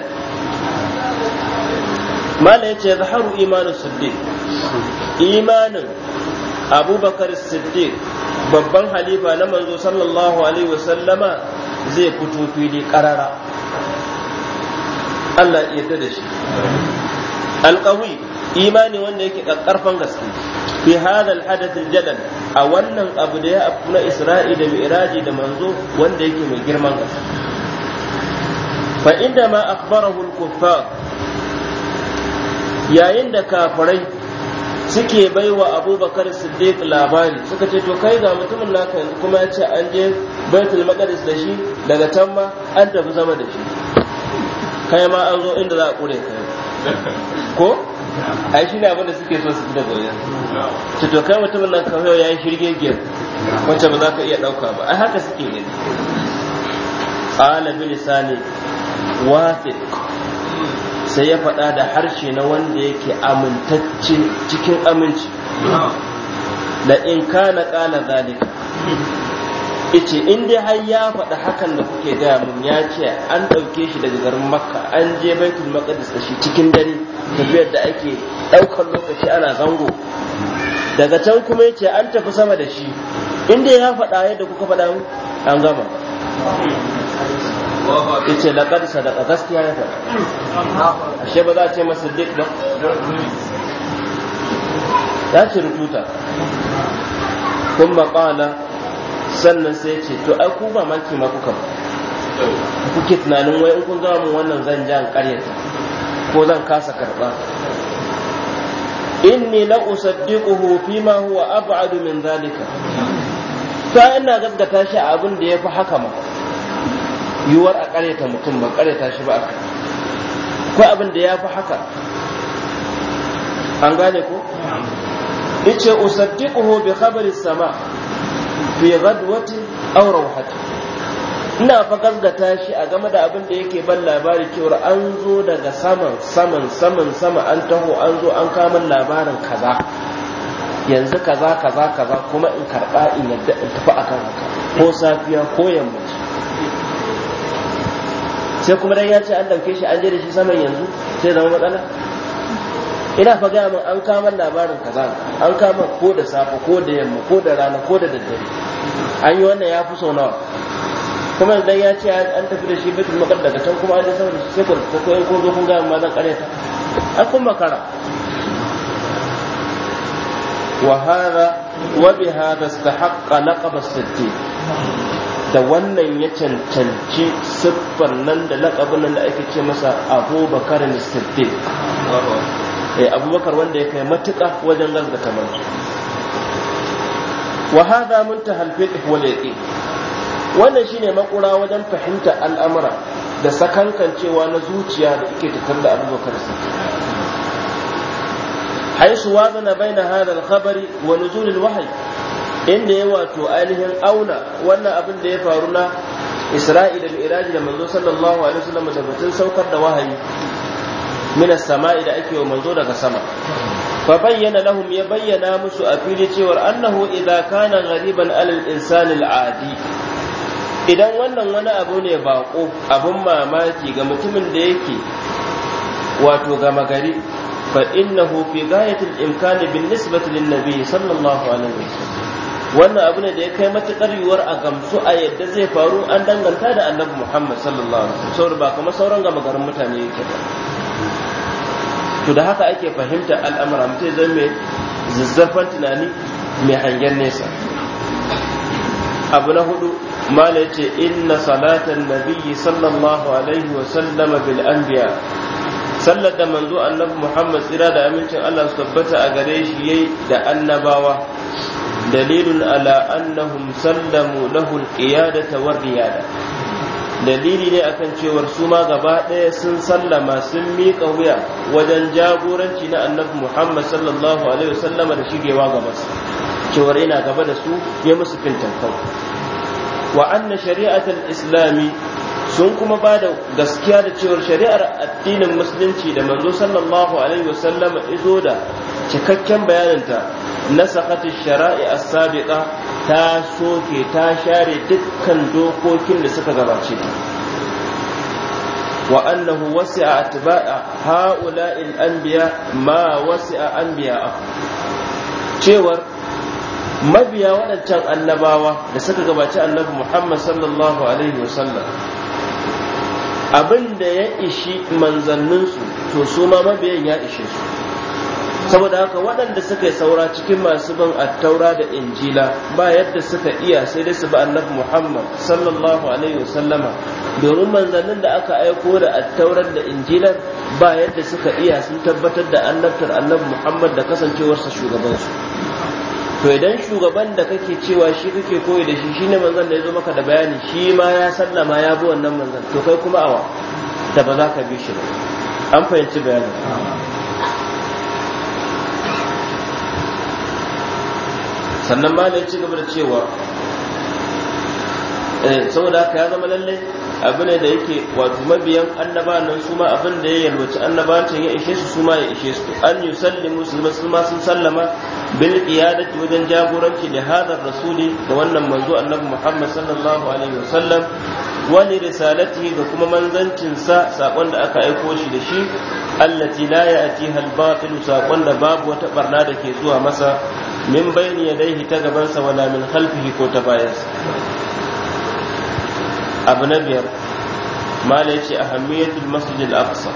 ما لا يظهر إيمان الصديق إيمان أبو بكر الصديق babban halifa na manzo sallallahu alaihi wasallama zai fito fili karara Allah ya yarda da shi alqawi imani wanda yake ƙarfan gaske fi hadal hadath aljadal a wannan abu da ya afu na isra'i da mi'raji da manzo wanda yake mai girman gaske fa inda ma akhbarahu al-kuffar yayin da kafirai suke baiwa abubakar siddiq labari suka ce to kai ga mutumin naka yanzu kuma ya ce an je baitul maqdis da shi daga can ma an tafi zama da shi kai ma an zo inda za a kure kai ko ai shine abin da suke so su ji daga yanzu ce to kai mutumin nan ka ya yi shirge gem wacce ba za ka iya dauka ba ai haka suke ne qala bi lisani wafiq sai ya faɗa da harshe na wanda yake amintacce cikin aminci da in kana ƙala zalika ice in dai har ya faɗa hakan da kuke gaya mun ya ce an ɗauke shi daga garin makka an je baitul maqdis da shi cikin dare tafiyar da ake ɗaukar lokaci ana zango daga can kuma yace an tafi sama da shi in dai ya faɗa yadda kuka faɗa an gama yace laqad sadaqa gaskiya ya faɗa ashe ba za a ce masa ba ya ce rututa Kun qala sannan sai ce to ai ku ba maki ma kuka kuke tunanin wai in kun zama mun wannan zan ji an karyata ko zan kasa karba inni la usaddiquhu ma huwa ab'ad min zalika ta ina gaggata shi a abin da yafi haka ma yiwuwar a ƙareta mutum ba ƙareta shi ba a ko abin da ya fi haka an gane ko ice usaddiquhu bi khabari sama fi ghadwati aw rawhati ina fa gaskata shi a game da abin da yake ban labari cewa an zo daga saman saman saman sama an taho an zo an kama labarin kaza yanzu kaza kaza kaza kuma in karba in yadda in tafi akan haka ko safiya ko yammaci sai kuma dan ya ce an dauke shi an je da shi saman yanzu sai zama matsala ina fa gaya min an kama labarin kaza an kama ko da safa ko da yamma ko da rana ko da daddare an yi wannan ya fi sau nawa kuma dan ya ce an tafi da shi bitul maqad daga can kuma an je sama da shi sai ko ko ko zo kun ga ma zan ta an kun makara wa hada wa bi hada istahaqqa laqab as-siddiq da wannan ya cancanci siffar nan da laƙabin nan da ake ce masa abubakar ya eh, abubakar wanda ya kai matuƙa wajen gazda kamar wa ta muntahal fiqh wale ɗi. wannan shine makura wajen fahimta al'amura da sakankancewa na zuciya da ike tattare da abubakar siddiq haisu wazana bai na hada khabari wa nuzulil wahai. inda ya wato ainihin auna wannan abin da ya faru na Isra'ila da iraji da manzo sallallahu alaihi wasallam da batun saukar da wahayi minas sama'i da ake wa manzo daga sama fa bayyana lahum ya bayyana musu a fili cewar annahu idza kana ghariban alal insani al'adi idan wannan wani abu ne bako abun mamaki ga mutumin da yake wato gama gari fa innahu fi ghayatil imkani bin nisbati lin nabi sallallahu alaihi wasallam wannan abu ne da ya kai matuƙar yiwuwar a gamsu a yadda zai faru an danganta da annabi muhammad sallallahu alaihi wasallam ba kamar sauran gama garin mutane yake ba to da haka ake fahimta al'amura mutum zai mai zazzafan tunani mai hangen nesa abu na hudu mala yace, inna salatan nabiyyi sallallahu alaihi wasallam bil anbiya sallar da manzo annabi muhammad tsira da amincin allah su tabbata a gare shi yayi da annabawa دليل ala annahum سلموا له alqiyadata war دليل dalili ne akan cewar su ma gaba ɗaya sun sallama sun miƙa wuya wajen jagoranci na annabi Muhammad sallallahu alaihi wasallam da shigewa gaba su cewar yana gaba da su ya musu fintankau wa anna shari'atul islami sun kuma ba da gaskiya da cewar shari'ar addinin musulunci da manzo sallallahu alaihi wasallam izo da cikakken bayaninta Na ash-shara'i as ta soke ta share dukkan dokokin da suka gabace wa annahu wasi'a atba'a ha'ula'il anbiya ma wasi'a anbiya'a cewar mabiya waɗancan annabawa da suka gabaci annabi Muhammad sallallahu alaihi wasallam abin da ya ishi manzanninsu to su ma mabiyan ya ishe su saboda haka waɗanda suka saura cikin masu bin attaura da injila ba yadda suka iya sai dai su bi annabi muhammad sallallahu alaihi wasallama domin manzannin da aka aiko da attaurar da injilar ba yadda suka iya sun tabbatar da annabtar annabi muhammad da kasancewarsa shugabansu to idan shugaban da kake cewa shi kake koyi da shi shine manzan da ya zo maka da bayani shi ma ya sallama ya bi wannan manzan to kai kuma awa da ba za ka bi shi ba an fahimci bayani. sannan ma ya ci gaba da cewa eh, saboda haka ya zama lalle abu ne da yake wato mabiyan annaba nan su ma abin da ya yalwaci annabancin ya ishe su su ma ya ishe su an yi sallimu su ma sun sallama bil qiyadati wajen jagoranci da hadar rasuli da wannan manzo annabi Muhammad sallallahu alaihi wasallam wani risalati da kuma manzancin sa sakon da aka aiko shi da shi allati la ya'tiha al-batil sakon da babu wata barna da ke zuwa masa min bayni yadayhi ta gabansa wala min khalfihi ko ta bayansa abu na biyar mala yace ahammiyatul masjid al-aqsa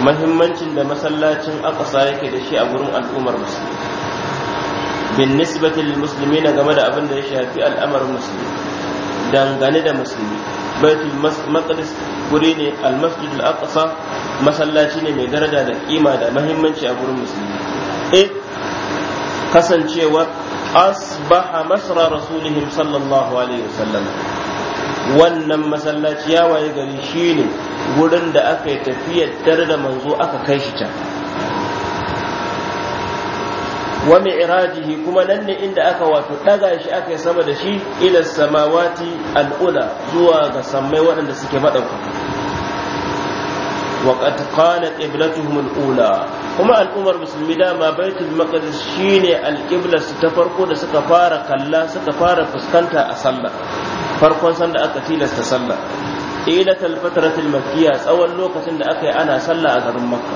mahimmancin da masallacin aqsa yake da shi a gurin al'ummar musulmi bin nisbati lil muslimin game da abin da ya shafi al'amarin musulmi dangane da musulmi baitul maqdis guri ne al masjidil aqsa masallaci ne mai daraja da kima da mahimmanci a gurin musulmi eh, kasancewar asbaha masra rasulihim sallallahu alaihi wasallam wannan masallaci ya waye gari shine wurin da aka yi tafiyar dare da manzo aka kai shi can wa mi'rajihi kuma nan ne inda aka wato daga shi aka yi sama da shi ila samawati al'ula zuwa ga sammai waɗanda suke madauka wa qad qala qiblatuhum kuma al'ummar musulmi dama baitul maqdis shine alqiblar su ta farko da suka fara kalla suka fara fuskanta a sallah farkon sanda aka tilasta sallah ila talfatratul makkiya tsawon lokacin da aka yi ana sallah a garin makka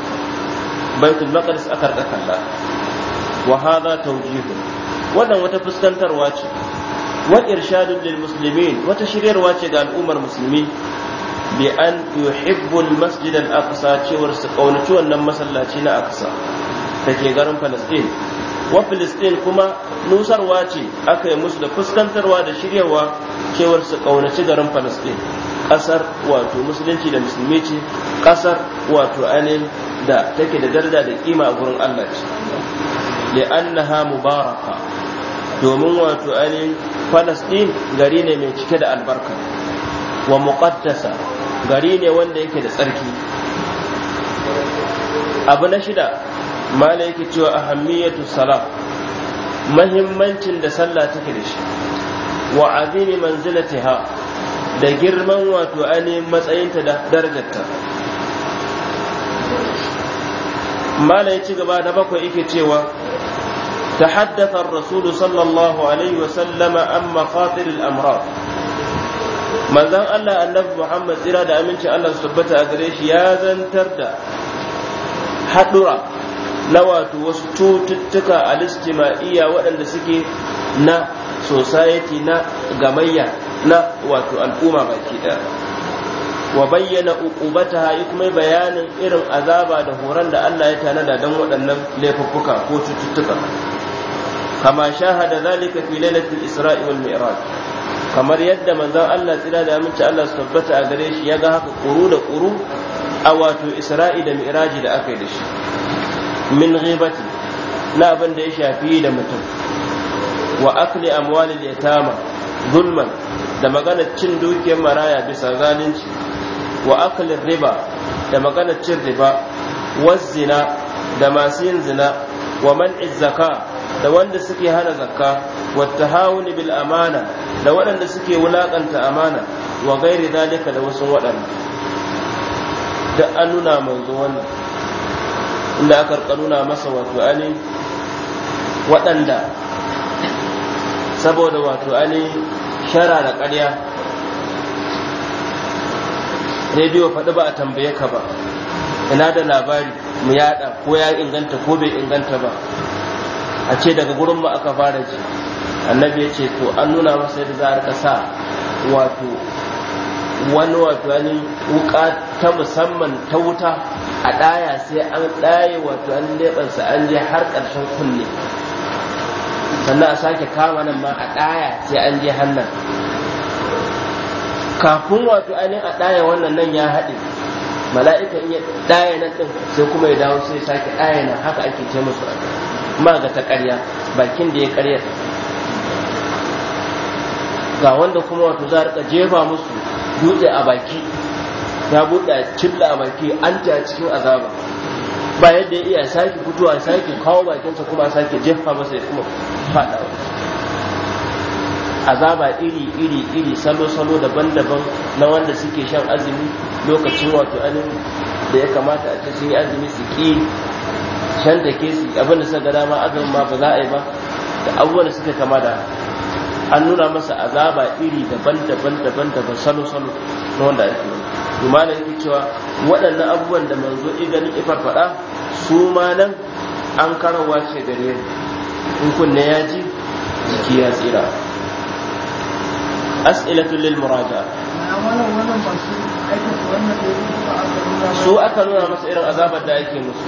baitul maqdis aka rika kalla wa hadha tawjihu wannan wata fuskantarwa ce wa irshadun lil muslimin wata shiryarwa ce ga al'ummar musulmi bi an al masjid al-aqsa cewar su kaunaci wannan masallaci na aqsa take garin Palestine wa Palestine kuma nusarwa ce aka yi musu da fuskantarwa da shiryawa cewar su kaunaci garin Palestine kasar wato musulunci da musulmi ce kasar wato anin da take da darda da kima gurin Allah ce li'annaha mubaraka domin wato anin Palestine gari ne mai cike da albarka wa muqaddasa gari ne wanda yake da tsarki abu na shida mala yake cewa Hammiyatu salam mahimmancin da sallah take da shi wa azimi manzilatiha da girman wato ainihin matsayinta da darajarta mala ya ci gaba da bakwai yake cewa تحدث الرسول صلى الله عليه وسلم عن مخاطر الأمراض manzan Allah annabi Muhammad tsira da aminci Allah su tabbata a gare shi ya zantar da haɗura na wato wasu cututtuka a listima'iya waɗanda suke na society na gamayya na wato al'umma baki ɗaya wa bayyana uqubata yi kuma bayanin irin azaba da horon da Allah ya tanada don waɗannan laifuffuka ko cututtuka kama shahada zalika fi lailatul isra'i wal mi'raj kamar yadda manzon Allah tsira da aminci Allah su tabbata a gare shi ya ga haka kuru da kuru a wato Isra'i da Mi'raji da aka yi da shi min ghibati na abin da ya shafi da mutum wa akli amwalil yatama zulman da maganar cin dukiyar maraya bisa zalunci wa aklin riba da maganar cin riba zina da masu yin zina wa man'iz zaka da wanda suke hana zakka wattahawuni bil amana da waɗanda suke wulaƙanta amana wa gairi zalika da wasu waɗanda da an nuna manzo wannan inda aka karkaruna masa wato ani waɗanda saboda wato ani shara da ƙarya rediyo faɗi ba a tambaye ka ba ina da labari mu yaɗa ko ya inganta ko bai inganta ba a ce daga gurin mu aka fara ji annabi ya ce to an nuna masa yadda za a rika sa wato wani wato wani wuka ta musamman ta wuta a ɗaya sai an ɗaye wato an leɓansa an je har ƙarshen kunne sannan a sake kama nan ma a ɗaya sai an je hannan, kafin wato ainihin a ɗaya wannan nan ya haɗe mala'ika in ya ɗaya nan ɗin sai kuma ya dawo sai sake ɗaya nan haka ake ce musu ma ga ta ƙarya bakin da ya ƙarya ga wanda kuma wato za a rika jefa musu dutse a baki ya buɗe cilla a baki an ta cikin azaba ba yadda ya iya sake fitowa sake kawo bakinsa kuma sake jefa masa ya kuma faɗa azaba iri iri iri salo salo daban-daban na wanda suke shan azumi lokacin wato anin da ya kamata a cikin azumi su ƙi shan da ke su abin da suka dama azumin ma ba za a yi ba da abubuwan da suka kama da an nuna masa azaba iri daban-daban daban-daban salo-salo na wanda ake yi kuma da yake cewa waɗannan abubuwan da manzo iganin ifarfaɗa su ma nan an karawa ce ne in kunne ya ji jiki ya tsira as'ilatu lil muraja su aka nuna masa irin azabar da ake musu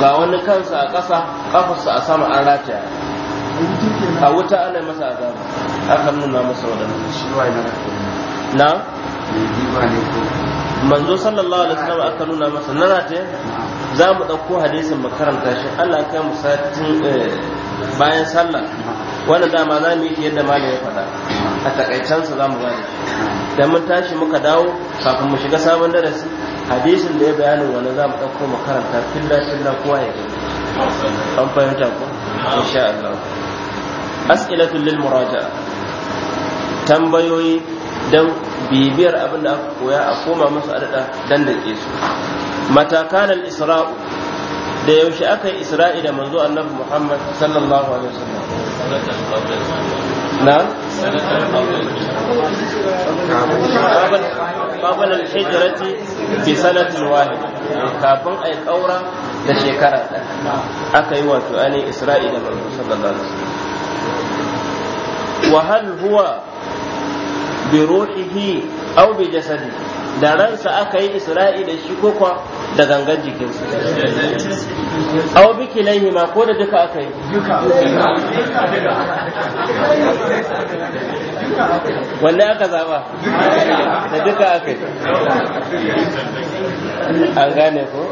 ga wani kansa a ƙasa ƙafarsa a sama an rataya a wuta ana masa azaba aka nuna masa wadannan. shi na manzo sallallahu alaihi wasallam aka nuna masa na rataya za mu ɗauko hadisin makaranta shi Allah kai mu satin eh, bayan sallah wanda dama za mu yi yadda malam ya faɗa a takaicensa za mu gane da mun tashi muka dawo kafin mu shiga sabon darasi hadisin da ya bayanin wani za mu ɗauko makaranta filla filla kowa ya gani an fahimta ko insha Allah as'ilatul lil tambayoyi dan bibiyar abin da aka koya a koma musu adada dan da ke su matakan al-isra'u da yaushe aka yi isra'i da manzo annabi Muhammad sallallahu alaihi wasallam نعم قبل الهجرة بسنة واحدة kafin a yi ƙaura da shekara aka yi wato ainihin isra'i da manzo sallallahu alaihi bi jasadi da ransa aka yi isra'i da shi ko kwa da gangan jikinsu aw biki kilaihi ma ko da duka aka yi wanne aka zaba da duka aka yi an gane ko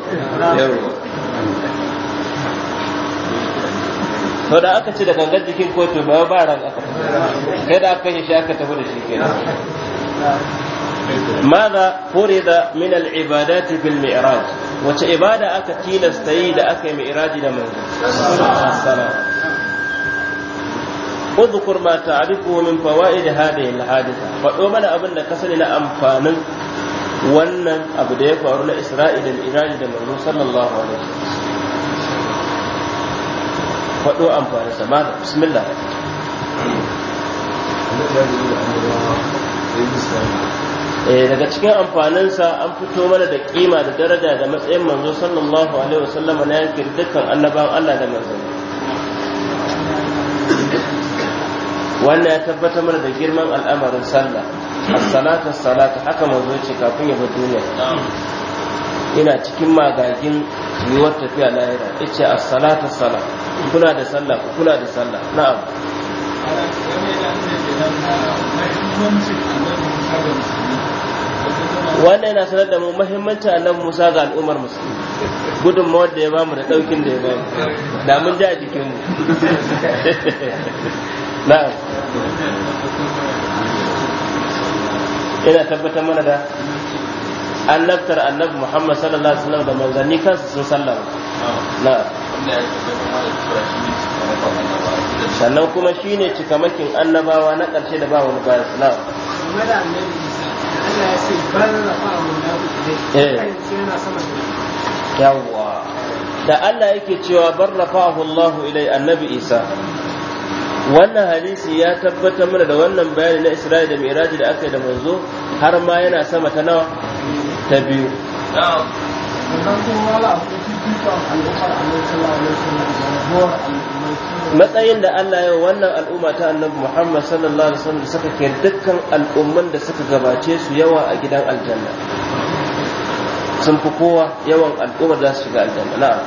to da aka ci da gangan jikin kotu ba ba ran aka kai da aka yi shi aka tafi da shi kenan ماذا فرض من العبادات في المعراج وتعبادة أكتيل استيد أكي معراج لمن السلام اذكر ما تعرفه من فوائد هذه الحادثة فأمنا أبن كسلنا أمفانا wannan abu da ya faru na isra'ila da irani da manzo sallallahu alaihi faɗo amfani sama da bismillah daga cikin amfaninsa an fito mana da kima da daraja da matsayin manzo sallallahu alaihi wasallam na yankin dukkan annaban Allah da manzo wannan ya tabbatar mana da girman al'amarin sallah as-salatu as-salatu haka manzo ce kafin ya bar duniya ina cikin magagin yiwuwar tafiya lahira yace as-salatu as-salatu kuna da sallah kula da sallah na'am wannan yana sanar da mu muhimmancin annabi Musa ga al'ummar musulmi mawar da ya ba mu da daukin da ya ba mu da mun ji a jikin mu na ina tabbatar mana da annabtar annabi Muhammad sallallahu alaihi wasallam da manzanni kansu sun sallama na'am sannan kuma shine cikamakin annabawa na ƙarshe da ba wani bayan na'am Eh. yawwa da Allah yake cewa barrafahu Allahu ilai annabi Isa wannan hadisi ya tabbatar mana da wannan bayani na Isra'i da Miraji da aka yi da manzo har ma yana sama ta nawa ta biyu matsayin da Allah ya wannan al'umma ta annabi Muhammad sallallahu alaihi wasallam suka ke dukkan al'umman da suka gabace su yawa a gidan aljanna sun fi kowa yawan al'ummar da su shiga aljanna na'am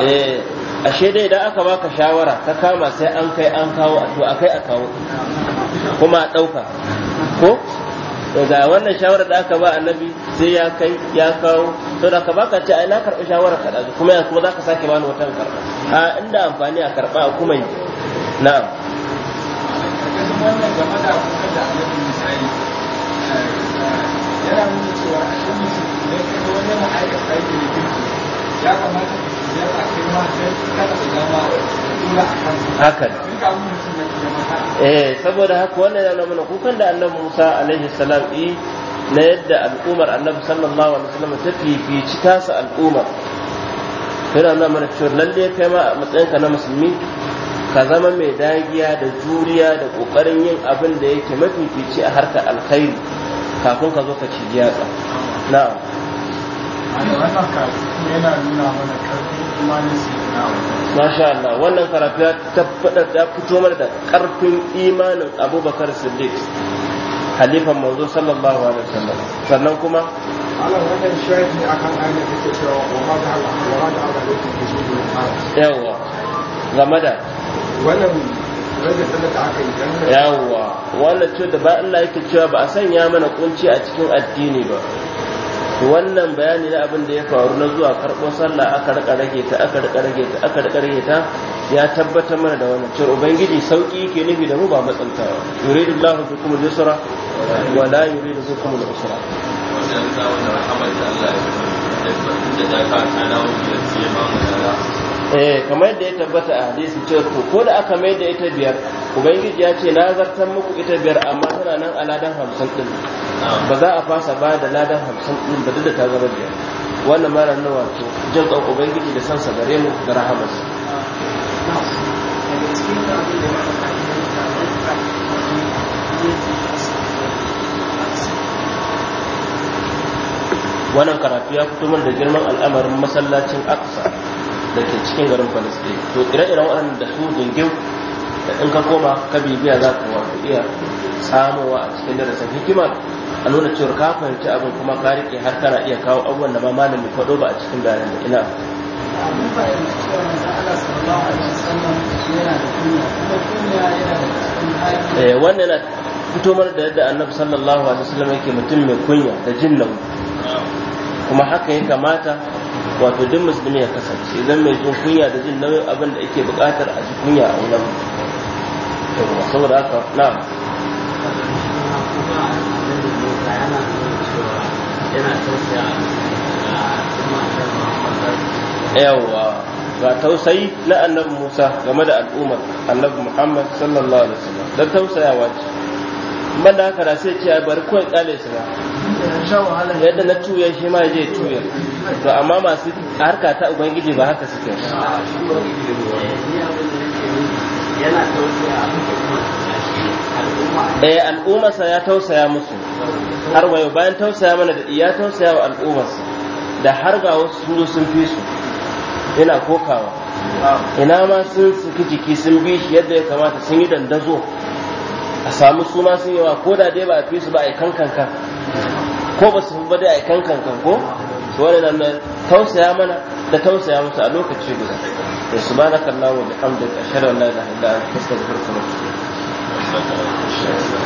eh ashe dai idan aka baka shawara ta kama sai an kai an kawo a to akai a kawo kuma a ɗauka ko to ga wannan shawarar da aka ba annabi sai ya kai ya kawo to da ka baka ce ai na karɓi shawarar ka dazu kuma yanzu kuma za ka sake bani wata karɓa a inda amfani a karɓa a kuma yi na'am eh, eh, yana nuna cewa a shi ya kamata ya a kai ma sai kada da dama haka eh saboda haka wannan yana mana kukan da annabi Musa alaihi salam yi na yadda al'ummar annabi sallallahu alaihi wasallam ta fifici tasa al'ummar yana nuna mana cewa lalle kai ma a matsayinka na musulmi ka zama mai dagiya da juriya da kokarin yin abin da yake mafifici a harkar alkhairi kafin ka zo ka ci yatsa na'am wannan yana nuna mana karfi masha Allah wannan karatu ya tabbata ya fito mana da karfin imanin Abubakar Siddiq halifan manzo sallallahu alaihi wasallam sannan kuma Allah kan shaidi akan ayyukan da suke cewa wa ma da Allah wa ma da Allah da ke cikin yawa game da wannan yawa wannan ce da ba Allah yake cewa ba a sanya mana kunci a cikin addini ba wannan bayani na abin da ya faru na zuwa karɓo sallah aka rika rage ta aka rika rage ta aka rika rage ta ya tabbatar mana da wannan cewa ubangiji sauki yake nufi da mu ba matsantawa yuridu Allahu bikum al-yusra wa la yuridu bikum al-usra wannan da Allah ya da ta kana wuce ya ce ma da. eh kamar yadda ya tabbata a hadisi cewa ko da aka mai da ita biyar ubangiji ya ce na zartan muku ita biyar amma tana nan a ladan hamsin din ba za a fasa ba da ladan hamsin din ba duk da ta zama biyar wannan mara nan wato jin kan ubangiji da san gare mu da rahamas wannan karatu ya fito da girman al'amarin masallacin aksa da ke cikin garin falasɗin to ire-iren waɗanda da su gingin da in ka koma ka bibiya za ka wato iya samowa a cikin darasin hikima a nuna cewar ka fahimci abin kuma ka riƙe har kana iya kawo abubuwan da ma malami faɗo ba a cikin bayanan da ina eh, wannan yana fito mana da yadda annabi sallallahu alaihi wasallam yake mutum mai kunya da jinnan kuma haka ya kamata wato duk musulmi ya kasance idan mai jin kunya da jin nauyin abin da ake buƙatar a ji kunya a wurin saboda haka na yawa ga tausayi na annabi musa game da al'ummar annabi muhammad sallallahu alaihi wasallam don tausayawa ce ban da haka da sai ce bari kawai tsale su ba yadda na tuya shi ma je tuya to amma masu harka ta ubangiji ba haka suke eh al'ummarsa ya tausaya musu har wayo bayan tausaya mana da iya tausaya wa al'ummarsa da har ga wasu sun zo sun fi su yana kokawa ina ma sun suki jiki sun bi shi yadda ya kamata sun yi dandazo a samu suna sun yawa ko da dai ba a fi su ba a yi kankankan ko ba su ba dai a yi kankankan ko su wani nan tausaya mana da tausaya musu a lokaci guda da su ba na kallon wa da hamdin ƙashirar lalata da ta sa da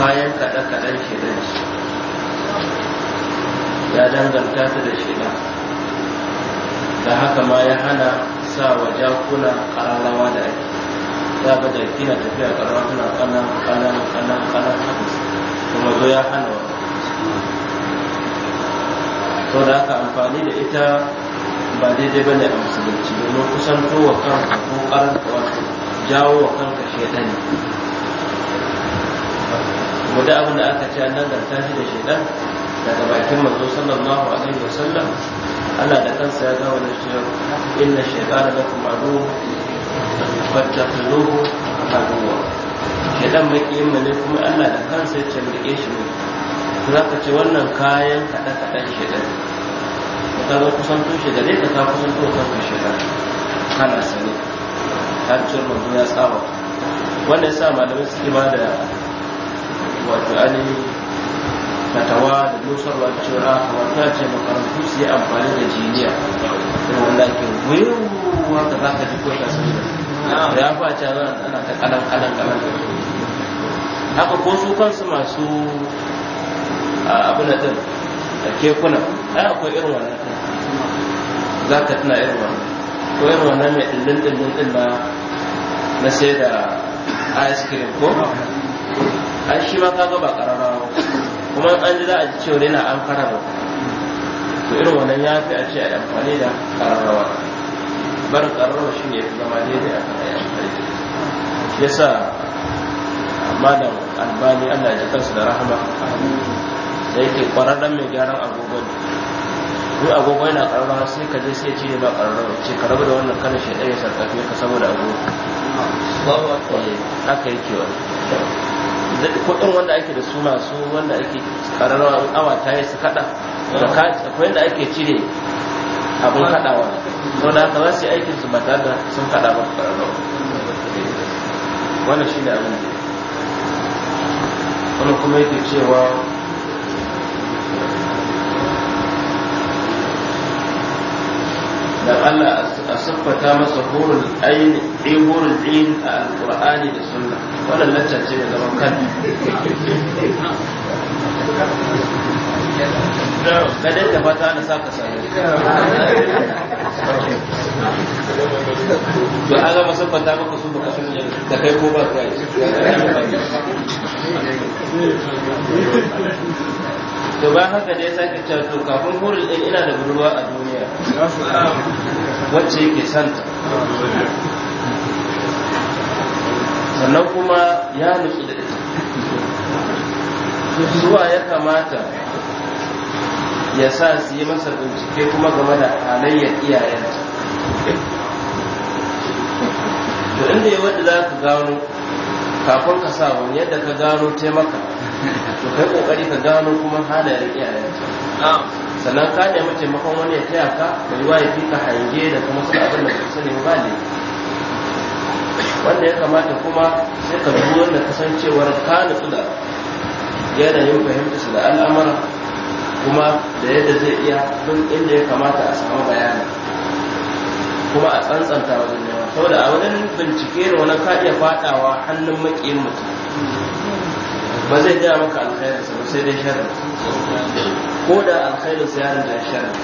bayan kaɗe-kaɗen shi ya danganta ta da shaidan da haka ma ya hana sa wa jakuna ƙararrawa da ake ya ba da na tafiya ƙararrawa tana ƙanan ƙanan ƙanan ƙanan haka kuma zo ya hana wa sau da haka amfani da ita ba daidai ba ne a musulunci domin kusan kowa kanka ko ƙaranta wato jawo wa kanka shaidani mu da abin da aka ce an danganta shi da shaidan daga bakin manzo sallallahu alaihi wasallam Allah da kansa ya gawo da cewa inna shaytana lakum adu fattakhuhu aduwa shaytan makiyin mu ne kuma Allah da kansa ya tambaye shi ne. za ka ce wannan kayan kada kaɗan shaidan? ka ga kusanto shi da ka ka kusanto kanka shaidan. kana sani har cewa manzo ya saba wannan sa malamai suke ba da wato ainihin fatawa da nusarwa cewa a wata ce makarantu su yi amfani da jiniya da wanda ke wewu wanda za ka ji ko ta su da ya fa ce ana ta kalan kalan kalan haka ko su kansu masu abu na din da kekuna ai akwai irin wannan za ka tuna irin wannan ko irin wannan mai dindin dindin na na sai da ice cream ko An shi ma ga ba kararrawa kuma an ji za a ji cewa yana an kararrawa to irin wannan ya fi a ce a amfani da ƙararrawa bar ƙararrawa shi ne zama daidai a kan ayyukan shi yasa malam albani Allah ya kansu da rahama da yake kwararren mai gyaran agogon ni agogo yana kararrawa sai ka je sai ce ba kararrawa ce ka rabu da wannan kana shi ɗaya sarƙafe ka saboda agogo eh, haka yake wani ko irin wanda ake da su masu wanda ake kararrawa awa ta yi su kada akwai yadda ake cire abin kadawa to da haka za su yi aikin su ba tare da sun kada ba wannan shi ne abin da wani kuma yake cewa siffata masa hurul ayin ai eh, hurul ayin a alqur'ani da sunna wannan ce da kan ka dinga fata na saka sani to maka su da kai ko to ba haka ne sake cewa to kafin hurul din ina da budurwa a duniya wacce yake santa sannan kuma ya nutsu da ita zuwa ya kamata ya sa su yi masa bincike kuma game da halayyar iyayenta to inda ya wadda za ka gano kafin ka sa wani yadda ka gano taimaka to kai kokari ka gano kuma halayen iyayenka sannan ka wani ya taya ka da yi waye fi ka hange da kuma su abin da kusa ne ba ne wanda ya kamata kuma sai ka bi wanda kasancewar ka nutsu da yanayin fahimta su da al'amura kuma da yadda zai iya duk inda ya kamata a samu bayani kuma a tsantsanta wajen yawa saboda a wajen bincike da wani ka iya fadawa hannun makiyin mutum ba zai gaya maka alkhairin sa sai dai sharri ko da alkhairin sa ya da sharri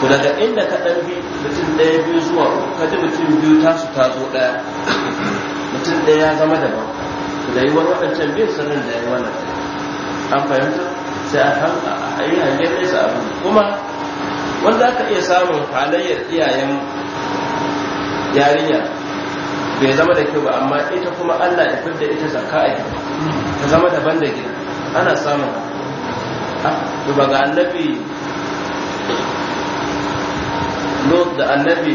ku daga inda ka dan bi mutum ɗaya biyu zuwa ka ji mutum biyu tasu ta zo ɗaya mutum ɗaya ya zama daban ku da yi wani waɗancan biyu sanin da yi wannan an fahimta sai a san a yi hangen sa abu kuma wanda aka iya samun halayyar iyayen yarinya bai zama da kyau ba amma ita kuma Allah ya fitar da ita zakka a kyau ta zama daban da gina ana samun ah, to ba ga annabi Lot da annabi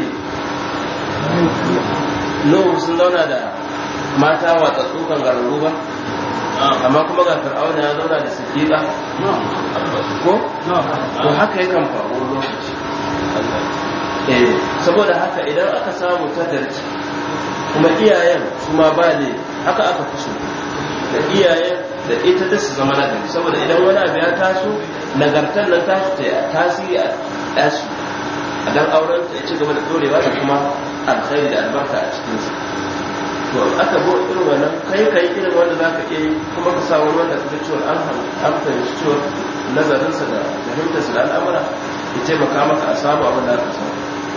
Nuhu sun zauna da mata watsa tsukan garuru ba amma kuma ga fir'auna ya zauna da sikiɗa ko ko haka yakan faru lokaci eh, saboda haka idan aka samu tadarci kuma iyayen su ma ba ne haka aka fi so da iyayen da ita ta su zama nagari saboda idan wani abu ya taso nagartar nan tashi ta tasiri a ɗasu a dan auren ta ci gaba da ɗorewa da kuma alkhairi da albarka a cikinsu. to aka bo irin wannan kai kai irin wanda za ka iya kuma ka samu wanda ka ga cewa an fahimci cewa nazarinsa da fahimtarsa da al'amura ya taimaka maka a samu abin da aka samu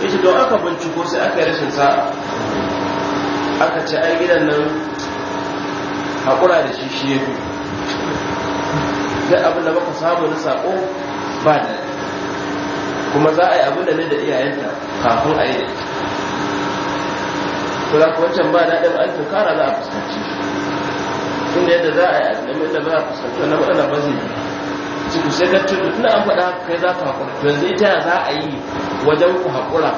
ita don aka binciko sai aka yi rashin sa'a aka ce ai gidan nan haƙura da shi shi ya Sai duk abin da baka samu na saƙo ba da kuma za a yi abin da ne da iyayenta kafin a yi da kula ku wancan ba daɗin an tunkara za a fuskanci inda yadda za a yi abin da ba a fuskanci na matsala ba zai ciki sai ka tuna an faɗa kai za ka haƙura yanzu ita za a yi wajen ku haƙura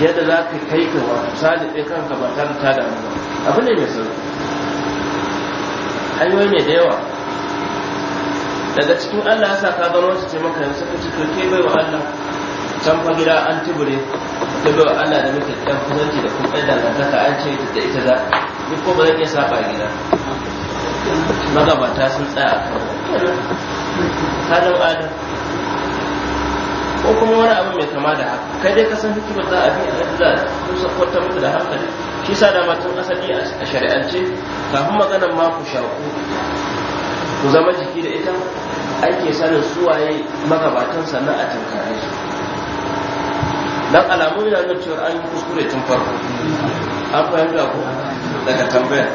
yadda za ka kai ka wa misali ɗin kanka ba tare ta damu ba abu ne mai sauki hanyoyi ne da yawa daga cikin Allah ya sa ka gano su ce maka yanzu ka ci to ke bai wa Allah can fa gida an tubure ka bai wa Allah da muke dan kusanci da kuma ɗan dangantaka an ce da ita za duk ko ba zan iya saba gida magabata sun tsaya a kan kadan adam ko kuma wani abu mai kama da haka kai dai ka san hikimar za a bi a yadda za a su kwata mutu da hankali shi sa dama tun asali a shari'ance kafin maganar ma ku shaku ku zama jiki da ita ake sanin suwaye magabatan sannan a tunkare su dan alamu yana nuna cewa an yi kuskure tun farko an fahimta ko daga tambayar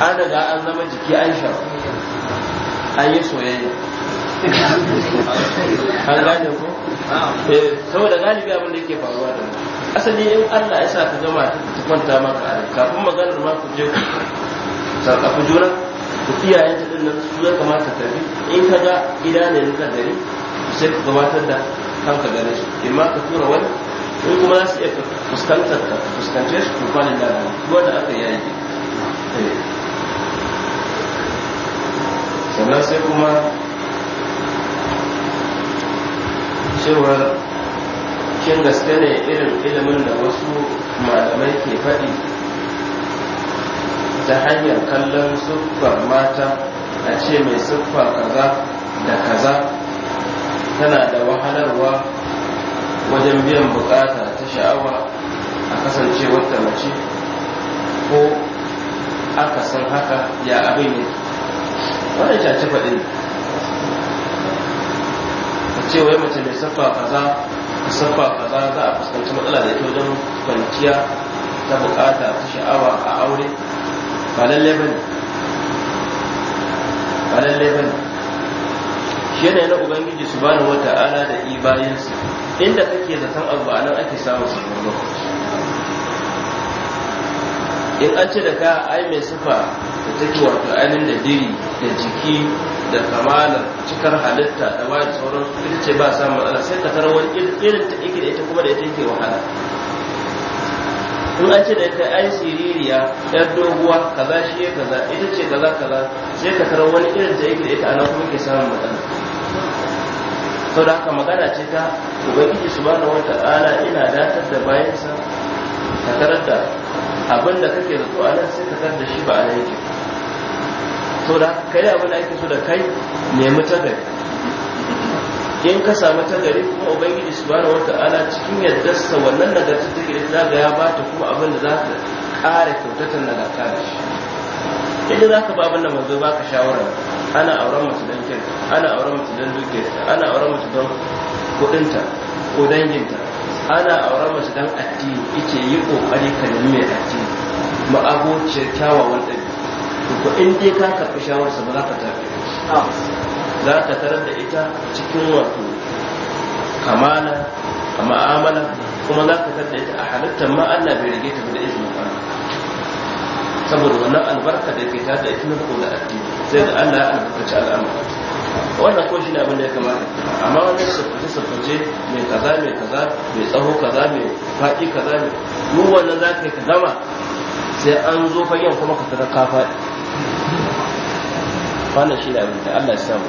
an daga an zama jiki an shaku an yi soyayya an gane ko Eh, saboda galibi abin da yake faruwa da asali in Allah ya sa ka zama ta kwanta maka a kafin maganar ma ku je ku sarkafi juna ku iyayen ta din nan su ya kamata ta bi in ka ga gida ne na kadari sai ka gabatar da kanka gane su in ma ka tura wani in kuma za su iya fuskantar ka fuskance su kwanin da ba wanda aka yi yayi eh. sannan sai kuma cewar kin gaske ne irin ilimin da wasu malamai ke faɗi ta hanyar kallon siffar mata a ce mai siffa kaza da kaza tana da wahalarwa wajen biyan bukata ta sha'awa a kasancewar ta mace ko aka san haka ya abin ne wannan caci faɗin cewa ya mace mai saffa kaza da saffa kaza za a fuskanci matsala da ke wajen kwanciya ta bukata ta sha'awa a aure ba lallai ba ne ba lallai ba ne shi yana na ubangiji su bani wata ala da bayansu. inda kake zaton abu a nan ake samun sabon lokaci in an ce da ka ai mai sufa ta take wato ainihin da diri da jiki da kamala cikar halitta da ma da sauran ita ce ba samun matsala sai ka tarar wani irin ta ike da ita kuma da ita ke wahala in ce da ita ai siririya yar doguwa kaza shi ya kaza ita ce kaza kaza sai ka tarar wani irin ta ike da ita ana kuma ke samun matsala sau da haka magana ce ta ubangiji wata wata'ala ina datar da bayansa ka tarar da abin da kake zato a nan sai ka tarar da shi ba a yake so da kai da abin da ake so da kai nemi ta in ka samu tagari kuma ubangiji su wata ala cikin yaddarsa wannan nagartar ta gari za ga ya bata kuma abin da za ka ƙara kyautatar na da shi Idan za ka ba abin da manzo ba ka shawara ana auren mace don kirka ana auren mace don dukiyarta ana auren mace don kuɗinta ko danginta ana auren mace don addini ike yi kokari ka nemi mai addini ma'abociyar kyawawan ɗabi'a to in dai ka shawar shawararsa ba za ka tafi za ka tarar da ita cikin wato kamala a ma'amala kuma za ka tarar da ita a halittar ma Allah bai rage ta da izinin ba saboda wannan albarka da ke tada ita ko da addini sai da Allah ya albarkaci al'amma. wannan ko shi ne abin da ya kamata amma wani sufuri sufuri mai kaza mai kaza mai tsaho kaza mai faɗi kaza mai mu wannan za ka yi ka gama sai an zo fagen kuma ka tada ka faɗi wannan shi ne abin Allah ya samu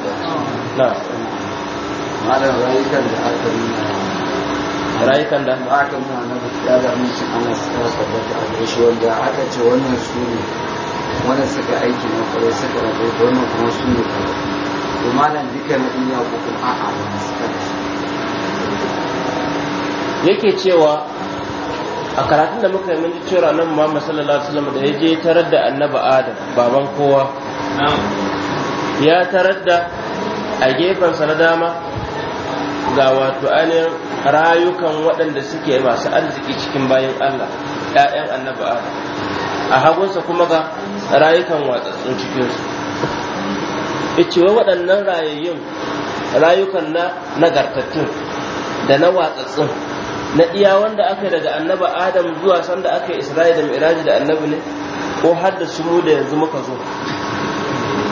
da yake cewa a karatun da muka yi mun ji cewa nan Muhammad sallallahu alaihi wasallam da ya je tarar da annabi Adam baban kowa ya tarar da a gefensa na dama ga wato ainihin rayukan waɗanda suke masu arziki cikin bayan Allah ‘ya'yan annabi Adam a hagunsa kuma ga rayukan watsatsun cikinsu cewa waɗannan rayayyun rayukan na nagartattun da na watsatsun na iya wanda aka yi daga annabi adam zuwa sanda aka yi isra'i da miraji da annabi ne ko har da su mu da yanzu muka zo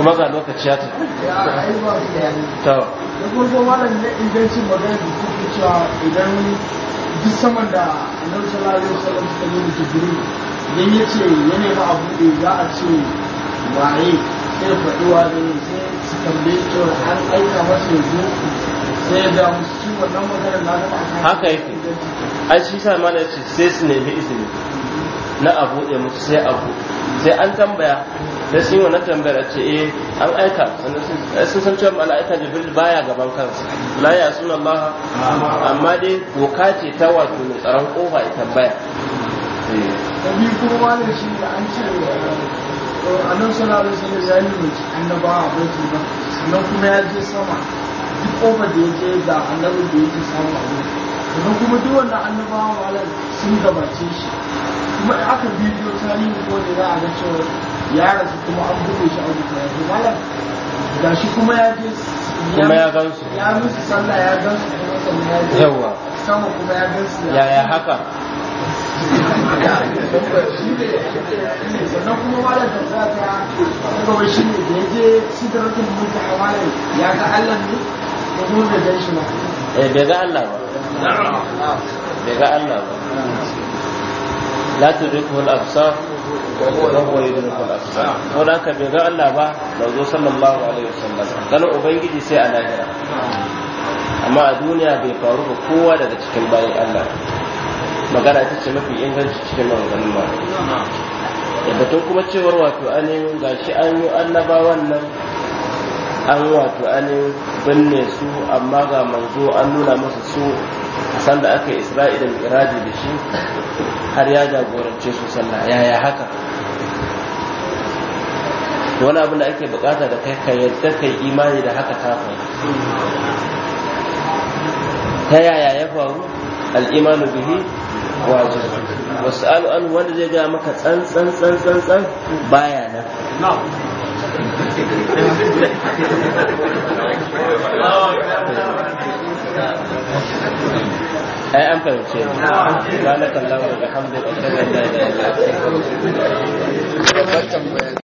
kuma ga lokaci ya tafi ta farko malam na ingancin magana da kuke cewa idan duk saman da annabi sallallahu alaihi wasallam suka yi da jibril ya ce ya a buɗe za a ce waye sai sai su tambaye cewa an aika masa yanzu sai da musu wannan magana na gaba haka yake ai shi sa malam ce sai su nemi izini na a buɗe musu sai a buɗe sai an tambaya sai sun yi wannan tambayar a ce eh an aika eh, sun san cewa mala'ika jibril baya gaban kansa la ya suna Allah amma dai doka ce ta wato mai tsaron kofa ya tambaya da biyu kuma wani shi da an ce oh, nan suna alaihi wasallam ya yi mace annabawa bai ba a sannan kuma ya je sama duk kofar da ya je da annabi da ya je sama sannan kuma duk wannan annabawa malam sun gabace shi kuma aka bidiyo tarihi ko da za a ga cewa ya rasu kuma an buɗe shi a wuta ya malam ga shi kuma ya je kuma ya gan su ya musu sallah ya gan su kuma sannan ya je yawa sama kuma ya gan su yaya haka sannan kuma malam da za ta kuma wai shi ne da ya je sidratul muntaha malam ya ga Allah ne ko mun da gan shi ba eh bai ga Allah ba bai ga Allah ba la tudrikuhu al-absar ko da ka bai ga Allah ba manzo sallallahu alaihi wasallam kana ubangiji sai a lahira amma a duniya bai faru ba kowa daga cikin bayan Allah magana ita ce mafi inganci cikin maganganun ba da batun kuma cewar wato ainihin gashi an yi annabawan wannan an wato ainihin binne su amma ga manzo an nuna masa su sanda aka yi da miraji da shi har ya jagorance su sallah yaya haka wani abin da ake bukata da kai yadda kai imani da haka ta faru ta yaya ya faru al'imanu bihi wajen wasu an wanda zai gaya maka tsantsan tsantsan tsan baya nan ai an fahimce ni ba na kallon da hamdu da kallon da ya